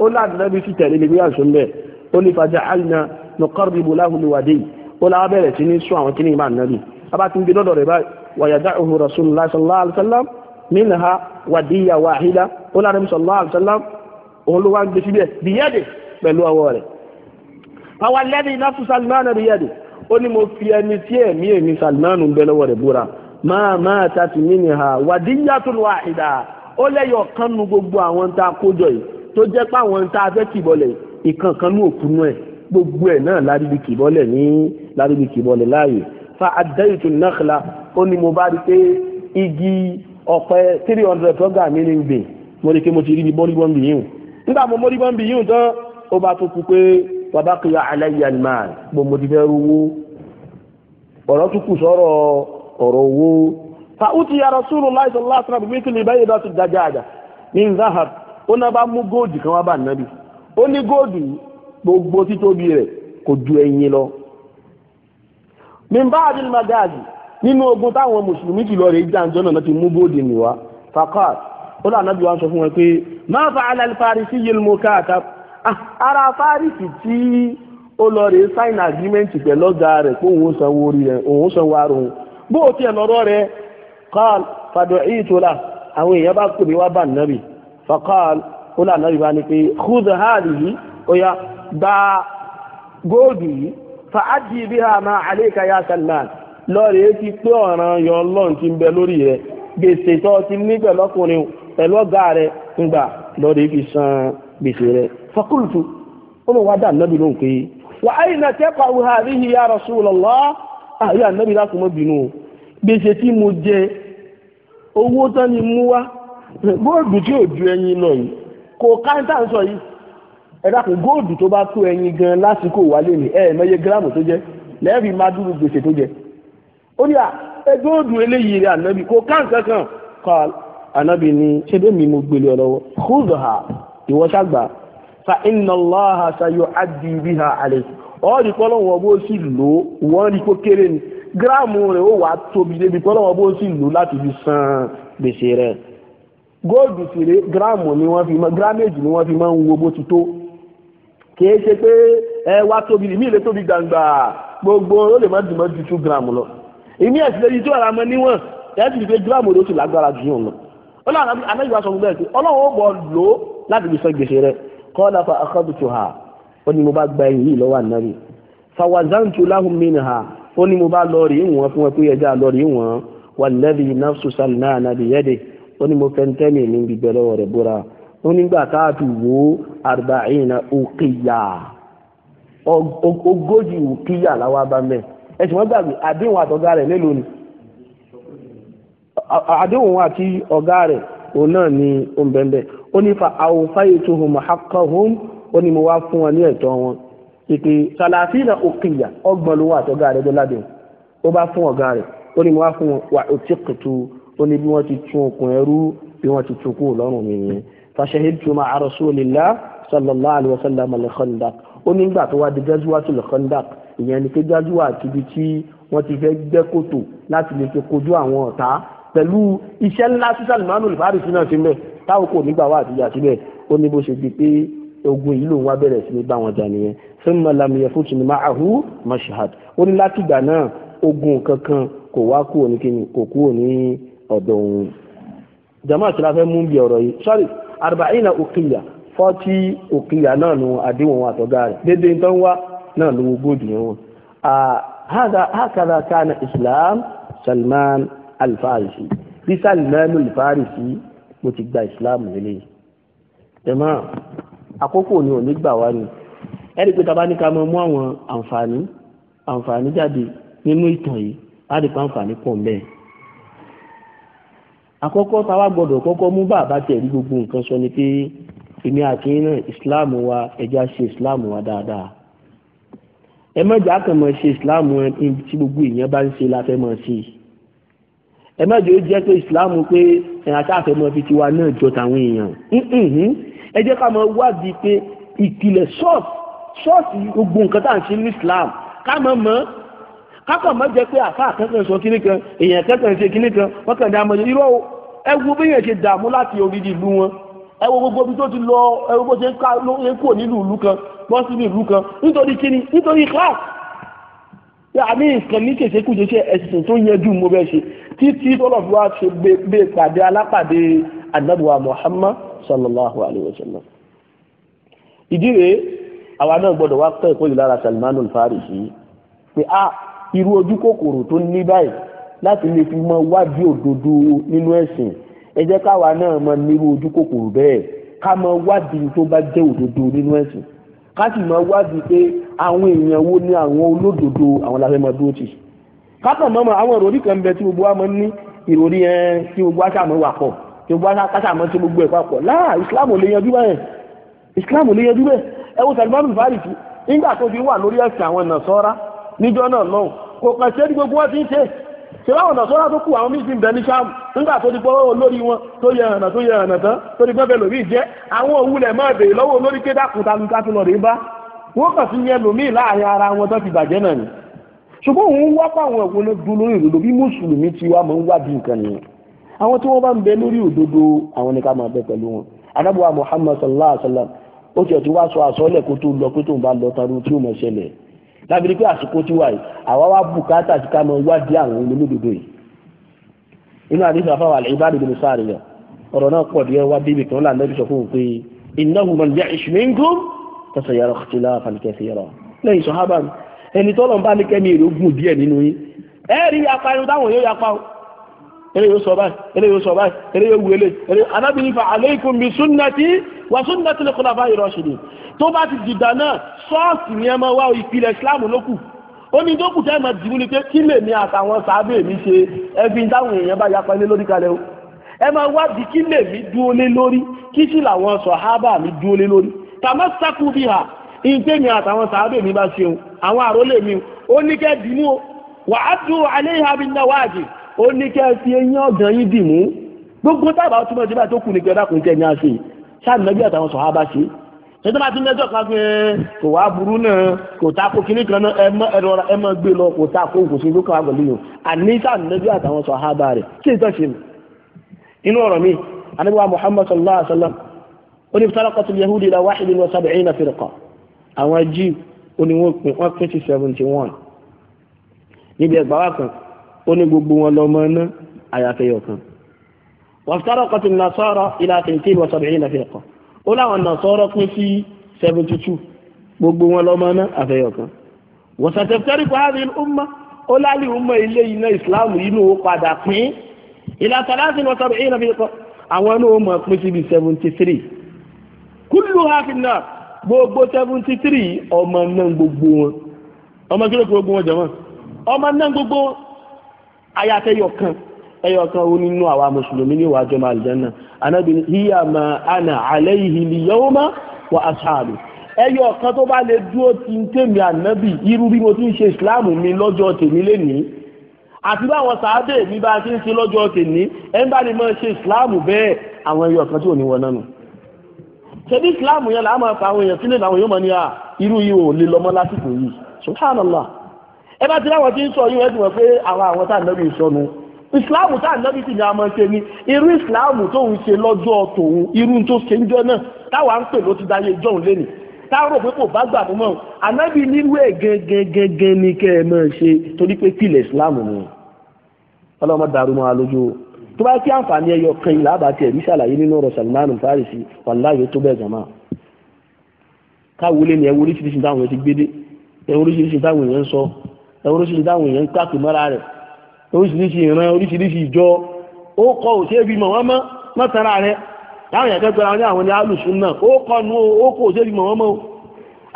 S1: ó láti nàbì sì tẹ̀lé mi bí wàá sùn bẹ́ẹ̀ ó ní faja'alna nuqarribu lahu liwadihi ó láwa bẹ̀rẹ̀ sí ní sún àwọn kíní ìmá nàbì abá ti ń gbé lọ́dọ̀ rẹ̀ báyìí wa yada'uhu Rasulullahi sallallahu alaihi wasallam minha wadiyya wahida ó láti nàbì sallallahu alaihi òun ló wá ń gbé síbẹ̀ bìyẹ́dì pẹ̀lú ọwọ́ rẹ̀ fawalladhi nafsu Salman bìyẹ́dì ó ní mo fi ẹni tí ẹ̀mí ẹ̀mí Salman ń bẹ lọ́wọ́ rẹ̀ búra máa máa tàtí ni ha wàdíyàtò wàhídà ó lẹ́yọ̀ kan nu gbogbo àwọn tá a kójọ yìí tó jẹ́ pé àwọn tá a fẹ́ kìbọlẹ̀ ìkankan ní òkú náà gbogbo ẹ̀ náà láríbi kìbọlẹ̀ ní láríbi kìbọlẹ̀ láàyè fa àdáyìtò nàkìlá ó ní mo bá rí pé igi ọ̀pẹ three hundred tọ́gà mi ní gbìn mo rí i pé mo ti rí ibi bọ́lí bì yín o nígbà mo mọ́rí bọ́n bì yín o tán ó bá tó kú pé bàbá kìlọ̀ àlẹ́ yẹn máa gbọ́ mo ti fẹ́ rówó ọ̀rọ̀ tún kù sọ̀rọ̀ ọ̀rọ̀ owó. ka ya Rasulullahi sallallahu alaihi wasallam mithli baydati dajaja min zahab ó náà bá mú góòdì kan wá bá nàbì ó ní góòdì gbogbo títóbi kò ju ẹyin lọ. min ba'di al-magazi nínú ogun táwọn mùsùlùmí kìlọ rẹ̀ jàǹjọ́ náà ti mú ó sọ fún wọn pé ma ah, farisi ara fárísì tí ó lọ rè sign agreement pẹ̀lú ọ̀gá rẹ̀ pé òun sanwó rẹ̀ òun bó o tiẹ̀ lọ́rọ́ rẹ̀ qal fad'uitu la àwọn èèyàn bá wá bá fa ó là nàbì bá ní pé khudh hadhihi ó góòdù yìí fa ma ya san lọ́ọ̀rẹ́ ti pé ọ̀ràn yọ ọlọ́run ti ń bẹ lórí gbèsè tó ti ní pẹ̀lú ọ̀gá ń gbà fi san gbèsè ó lọ wá dà nàbì lóhùn pé ya àyè ah, ànábì láti mọ́ bínú o gbèsè tí mo jẹ owó tán ni mú wá góòdù tí ò ju ẹyin lọ yìí kò káńtà ń sọ yìí ẹ dákun góòdù tó bá tó ẹyin gan lásìkò wálé ni ẹ mẹyẹ gíráàmù tó jẹ lẹ́ẹ̀rí máa dúró gbèsè tó jẹ ó ní à ẹ góòdù eléyìí rẹ ànábì kò káńtà kan kọ ànábì ni ṣé mi mo gbélé ọ lọ́wọ́ ha ìwọ fa inna Allaha sayu'addi ọ rí pọ́lọ́wọ́ bó sì lò ó wọ́n rí kó kéré ni gíráàmù rẹ̀ ó wàá tóbi débi pọ́lọ́wọ́ bó sì lò láti fi san gbèsè rẹ̀ góòdù sì ni wọ́n fi ma gíráàméjì ni wọ́n fi máa ń wo bó ti tó kìí ṣe pé ẹ wá tóbi ní tóbi gbangba gbogbo ó lè má dùn ju two gíráàmù lọ ìmí ẹ̀sìn lórí tí ara mọ níwọ̀n ẹ̀ di pé gíráàmù rẹ̀ ó sì lágbára jù lọ ọlọ́run ó ní mo bá gba ẹ̀yìn yìí lọ́wọ́ ànábì fawazantu lahum minha ó ní mo bá lọ rí wọn fún ẹ pé ẹja lọ rí wọn walladhi nafsu Salman biyadihi ó ní mo fẹ́ntẹ́mì ní gbígbẹ́ lọ́wọ́ rẹ̀ bóra ó nígbà káàtì wo arba'ina uqiya ogójì uqiya làwọn bá mẹ́ ẹ̀sìn wọn gbàgbé àdéhùn àtọ̀gá rẹ̀ mélòó ni àdéhùn àti ọ̀gá rẹ̀ òun náà ni ó ń bẹ́ẹ̀ ó ní fa awfaytuhum haqqahum ó ní mo wá fún wọn ní ẹ̀tọ́ wọn ìpè sàlàfíìnà òkìyà ọgbọ̀n ló wà àtọ́gá rẹ̀ dọ́ládùn ó bá fún ọ̀gá rẹ̀ ó ní mo wá fún wọn wà òtí kùtù ó ní bí wọ́n ti tún okùn ẹrú bí wọ́n ti tún kú lọ́rùn mi nìyẹn fashahidtu ma'a rasulillah sallallahu alayhi wa sallam al-khandaq ó nígbà tó wá di gazuwatu al-khandaq ìyẹn ni pé gazuwa àtibí tí wọ́n ti fẹ́ gbẹ́ kòtò láti lè fi kojú àwọn ọ̀tá pẹ̀lú iṣẹ́ ńlá sísàlùmánù ìfáàrí náà ti mẹ́ táwọn kò nígbà wà àtijọ́ àti bẹ́ẹ̀ ó ní bó ṣe di pé ogun yìí lòun wá bẹ̀rẹ̀ sí ní bá wọn jà nìyẹn summa lam yafutu ma'ahu mashhad ó ní látìgbà náà ogun kankan kò wá kúrò ní kíni kò kúrò ní ọ̀dọ̀ òun. jamaat la fẹ́ mú bí ọ̀rọ̀ yìí sorry arba'ina ukiya fọ́tí ukiya náà nu àdéhùn àtọ̀gá rẹ̀ dédé tó ń wá náà lówó góòdù yẹn wọn. hakadha kana islam salman alfarisi bí salman alfarisi mo ti gba islam nílé. jamaat àkókò ni ò ní gbà wá ni ẹ̀rí pé tàbá ní ká mọ mú àwọn àǹfààní àǹfààní jáde nínú ìtàn yìí láti pa àǹfààní pọ̀ ń bẹ́ẹ̀. àkọ́kọ́ táwa gbọ́dọ̀ kọ́kọ́ mú bàbá tẹ̀ rí gbogbo nǹkan sọ ni pé èmi àti iná ìsìláàmù wa ẹja ṣe ìsìláàmù wa dáadáa ẹ mọ̀jà kàn mọ̀ ṣe ìsìláàmù ẹ tí gbogbo èèyàn bá ń ṣe la fẹ́ mọ̀ ṣe ẹ mọ̀jà ó jẹ́ pé ìsìláàmù pé ẹ̀ àtàfẹ́ mọ̀ fi tiwa náà jọ tàwọn èèyàn ẹ jẹ́ ká máa wádìí pé ìpìlẹ̀ ṣọ́ọ̀ṣì ṣọ́ọ̀ṣì gbogbo nǹkan tá à ń ṣe ní Islam ká máa mọ̀ kákan máa jẹ́ pé àfa àkẹ́kọ̀ọ́ sọ kíní kan èèyàn kẹ́kọ̀ọ́ ṣe kíní kan wọ́n kàn dá mọ́jọ irọ́ ẹ wo bí èèyàn ṣe dààmú láti orílẹ̀ ìlú wọn ẹ wo gbogbo ibi tó ti lọ ẹ wo bó ṣe ń kó nílùú ìlú kan bọ́ sí ìlú kan nítorí kíní nítorí class àmì nǹkan ní kèsè kùjẹ ṣe ẹ̀sìn tó yẹjú mo bẹ́ ṣe títí tọ́lọ̀ fi wá ṣe gbé pàdé alápàdé ànábùwà Muhammad sallallahu alayhi wa sallam. ìdí rèé àwa náà gbọ́dọ̀ wá kọ́ ìkórè lára Salmanul Farisi pé a irú ojú kòkòrò tó ní báyìí láti lè fi mọ wádìí òdodo nínú ẹ̀sìn ẹ jẹ́ káwa náà mọ nírú ojú kòkòrò bẹ́ẹ̀ ká mọ wádìí tó bá jẹ́ òdodo nínú ẹ̀sìn ká sì mọ wádìí pé àwọn èèyàn wo ni àwọn olódodo àwọn la fẹ́ mọ dúró tì kákan mọ́mọ́ àwọn ìròrí kan bẹ tí gbogbo wa mọ ní ìròrí ẹ tí gbogbo wa ṣàmúwà pọ̀ kí wọ́n bá kásá mọ́ sí gbogbo ẹ̀ papọ̀ láà islam ò lè yanjú bẹ́ẹ̀ islam ò lè yanjú bẹ́ẹ̀ ẹ wo Salman Farisi nígbà tó fi wà lórí ẹ̀sìn àwọn nàṣọ́ra níjọ́ náà lọ́hùn kò kàn ṣe é ní gbogbo wọn ti ń ṣe ṣèlú àwọn nàṣọ́ra tó kù àwọn míì ti ń bẹ ní sáàmù nígbà tó ti gbọ́ olórí wọn tó yẹ hànà tó yẹ hànà tán tó ti gbọ́bẹ lòmíì jẹ́ àwọn òwúlẹ̀ máa bèèrè lọ́wọ́ olórí kéde àkùntà ní ká tó lọ rèé bá wọ́n kàn sí yẹn lòmíì láàrin ara wọn tó ti bàjẹ́ náà ni ṣùgbọ́n òun wá pàwọn ẹ̀wọ̀n dúró lórí ìròlò mùsùlùmí ti wá mọ̀ ń wá bí nǹkan nìyẹn àwọn tí wọ́n bá ń bẹ lórí òdodo àwọn ni ká máa bẹ pẹ̀lú wọn anábùwà Muhammad sallallahu alayhi wa sallam ó tiẹ̀ ti wá sọ àsọ́lẹ̀ kó tó lọ pé tóun bá lọ tarú tí ó mọ̀ ṣẹlẹ̀ lábìrí pé àsìkò ti wà yìí àwa wá bùkátà sí ká máa wádìí àwọn olódodo yìí inú àdéhùn afáwà al-Ibad bin Sariyah ọ̀rọ̀ náà pọ̀ díẹ̀ wá débi kan láàrín lẹ́bìsọ̀ fún pé innahu man eléyìí ó sọ báyìí eléyìí ó sọ báyìí eléyìí ó wele eléyìí anábìyí fa aleikum bi sunnati wa sunnati lè kọ́lá báyìí rọ́ṣìdì tó bá ti dìgbà náà sọ́ọ̀sì ni ẹ máa wá ìpìlẹ̀ islam ló kù ó ní dókù tẹ́ ẹ máa dìbò ni pé kí lèmi àtàwọn sábẹ́ mi ṣe ẹbí táwọn èèyàn bá yapa ilé lórí kalẹ̀ o ẹ máa wá di kí lèmi dúró lé lórí kí sì làwọn sàhábà mi dúró lé lórí tàmá sákú bí ha ìpè mi àtàwọn sábẹ́ mi bá ṣe o àwọn àrólé mi o ó ní kẹ́ dìmú o wàá dùn àléhàbí náà ó ní kẹ́ ẹ fi eyín ọ̀gàn yín dì mú gbogbo tábà túmọ̀ síbà tó kù ní kí ọ̀dà kùn tẹ̀ ní àṣẹ sáà nàbí àtàwọn sọ̀hábà ṣe tẹ́tọ́ bá ti lẹ́jọ́ kan fún ẹ kò wá burú náà kò ta kó kínní kan náà ẹ mọ ẹ mọ gbé lọ kò ta kó kò sí lókàn àgbẹ̀lẹ̀ yìí àní sáà nàbí àtàwọn sọ̀hábà rẹ̀ kí ìtọ́ ṣe inú ọ̀rọ̀ mi anábíwá Muhammad sallallahu alaihi wa sallam ó ní ó ní gbogbo wọn lọ́mọ iná àyàfẹ́ yọ̀kan wàfitárọ̀kọ́ ti nàṣọ́rọ̀ ilá tẹ̀ǹtẹ̀ ìwọ̀ sọ̀rọ̀ ìrìn àfẹ́ ẹ̀kọ́ ó láwọn nàṣọ́rọ̀ pín sí seventy two gbogbo wọn lọ́mọ iná àfẹ́ yọ̀kan wọ̀sàtẹ̀fẹ́rì pàdé ọmọ ó láàlì ọmọ ilé iná ìsìláàmù inú ó padà pín ilá tàlásì ìwọ̀ sọ̀rọ̀ ìrìn àfẹ́ ẹ̀kọ́ àwọn inú ó mọ̀ pín síbi seventy three kúlù hafin náà gbogbo seventy three ọmọ náà gbogbo wọn ọmọ kí ló fi gbogbo wọn jẹ wọn ọmọ náà gbogbo wọn ayatẹ yọkan ẹyọkan ó nínú àwa mùsùlùmí ní ìwà àjọmọ àlùjánà anábì hiya ma ana alayhi liyawma wa ashabi ẹyọkan tó bá lè dúró ti ń tèmi ànábì irú bí mo ti ń ṣe ìsìláàmù mi lọ́jọ́ tèmi lénìí àti báwọn sàádé mi bá ti ń ṣe lọ́jọ́ tèmi ẹ̀ bá lè máa ṣe ìsìláàmù bẹ́ẹ̀ àwọn ẹyọkan tí ò ní wọ nánu ṣebí ìsìláàmù yẹn làá máa fa àwọn èèyàn sílẹ̀ làwọn yóò mọ̀ ní à ah, irú yìí ò lè lọ́mọ lásìkò yìí subhanallah ẹ bá ti láwọn tí ń sọ yín ẹ̀dùn wọn pé àwọn àwọn tá à ń lọ́bì ìsọnu ìsìláàmù tá à sì ni a máa ń ṣe ni irú ìsìláàmù tóun ṣe lọ́jọ́ tòun irú tó ṣe ń jọ náà táwa ń pè ló ti dáyé jọ̀hún lẹ́nu táwọn rò pé kò bá gbà mọ́ ànábì nírú ẹ̀ gẹ́gẹ́gẹ́gẹ́ ni kẹ́ ẹ máa ṣe torí pé pìlẹ̀ ìsìláàmù ni ọlọ́mọ dàrú mọ́ alójú o tó bá kí àǹfààní ẹyọ kan ilà àbàtì Farisi wàláyé tó bẹ́ẹ̀ jàmá káwọlé ni ẹ wo oríṣiríṣi táwọn èèyàn ti gbé dé ẹ wo oríṣiríṣi táwọn èèyàn ń káàkì mọ́ra rẹ̀ oríṣiríṣi ìran oríṣiríṣi ìjọ ó kọ òṣèbí mọ̀ wọ́n mọ́ mọ́tara rẹ̀ láwọn èèyàn kẹ́kọ̀ọ́ àwọn àwọn ní alùsùn náà ó kọ nu ó kọ òṣèbí mọ̀ wọ́n mọ́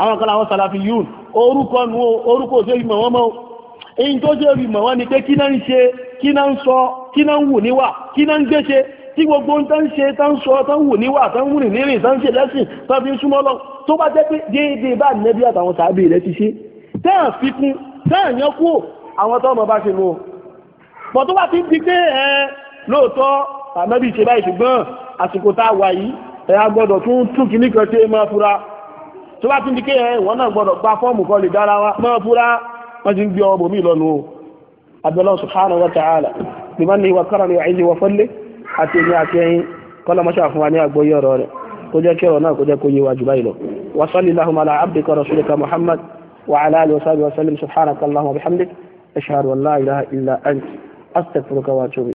S1: àwọn kan láwọn sàlàfi yún orúkọ nu orúkọ òṣèbí mọ̀ wọ́n mọ́ èyí tó jẹ́ òbí mọ̀ wọ́n ni pé kí náà ń ṣe kí náà ń sọ kí náà ń wù níwà kí náà ń gbéṣe tí gbogbo ń tán ṣe tán sọ tán wù níwà tán wù nírìn tán ṣe lẹ́sìn tán fi ń súnmọ́ lọ tó bá jẹ́ pé déédéé bá nẹ́bí àtàwọn sàábì rẹ̀ ti ṣe tẹ́ẹ̀ fi sẹ́ẹ̀yàn kú àwọn tó ọmọ bá ṣe mú o pọ̀ tó bá ti ń di pé ẹ lóòótọ́ ànábì ṣe báyìí ṣùgbọ́n àsìkò tá a wà yìí ẹ a gbọ́dọ̀ tún tún kìíní kan ṣe máa fura tó bá ti ń di pé ẹ ìwọ náà gbọ́dọ̀ gba fọ́ọ̀mù kan lè dára wa máa fura wọ́n ti ń gbé ọmọ bòmí lọ́nu o abẹ́lẹ́ subhanahu wa ta'ala bímọ ní ìwà kára ní ìwà ìlú wọ́fọ́lé àti èmi àti ẹyin kọ́lá وعلى آله وصحبه وسلم سبحانك اللهم وبحمدك أشهد أن لا إله إلا أنت أستغفرك وأتوب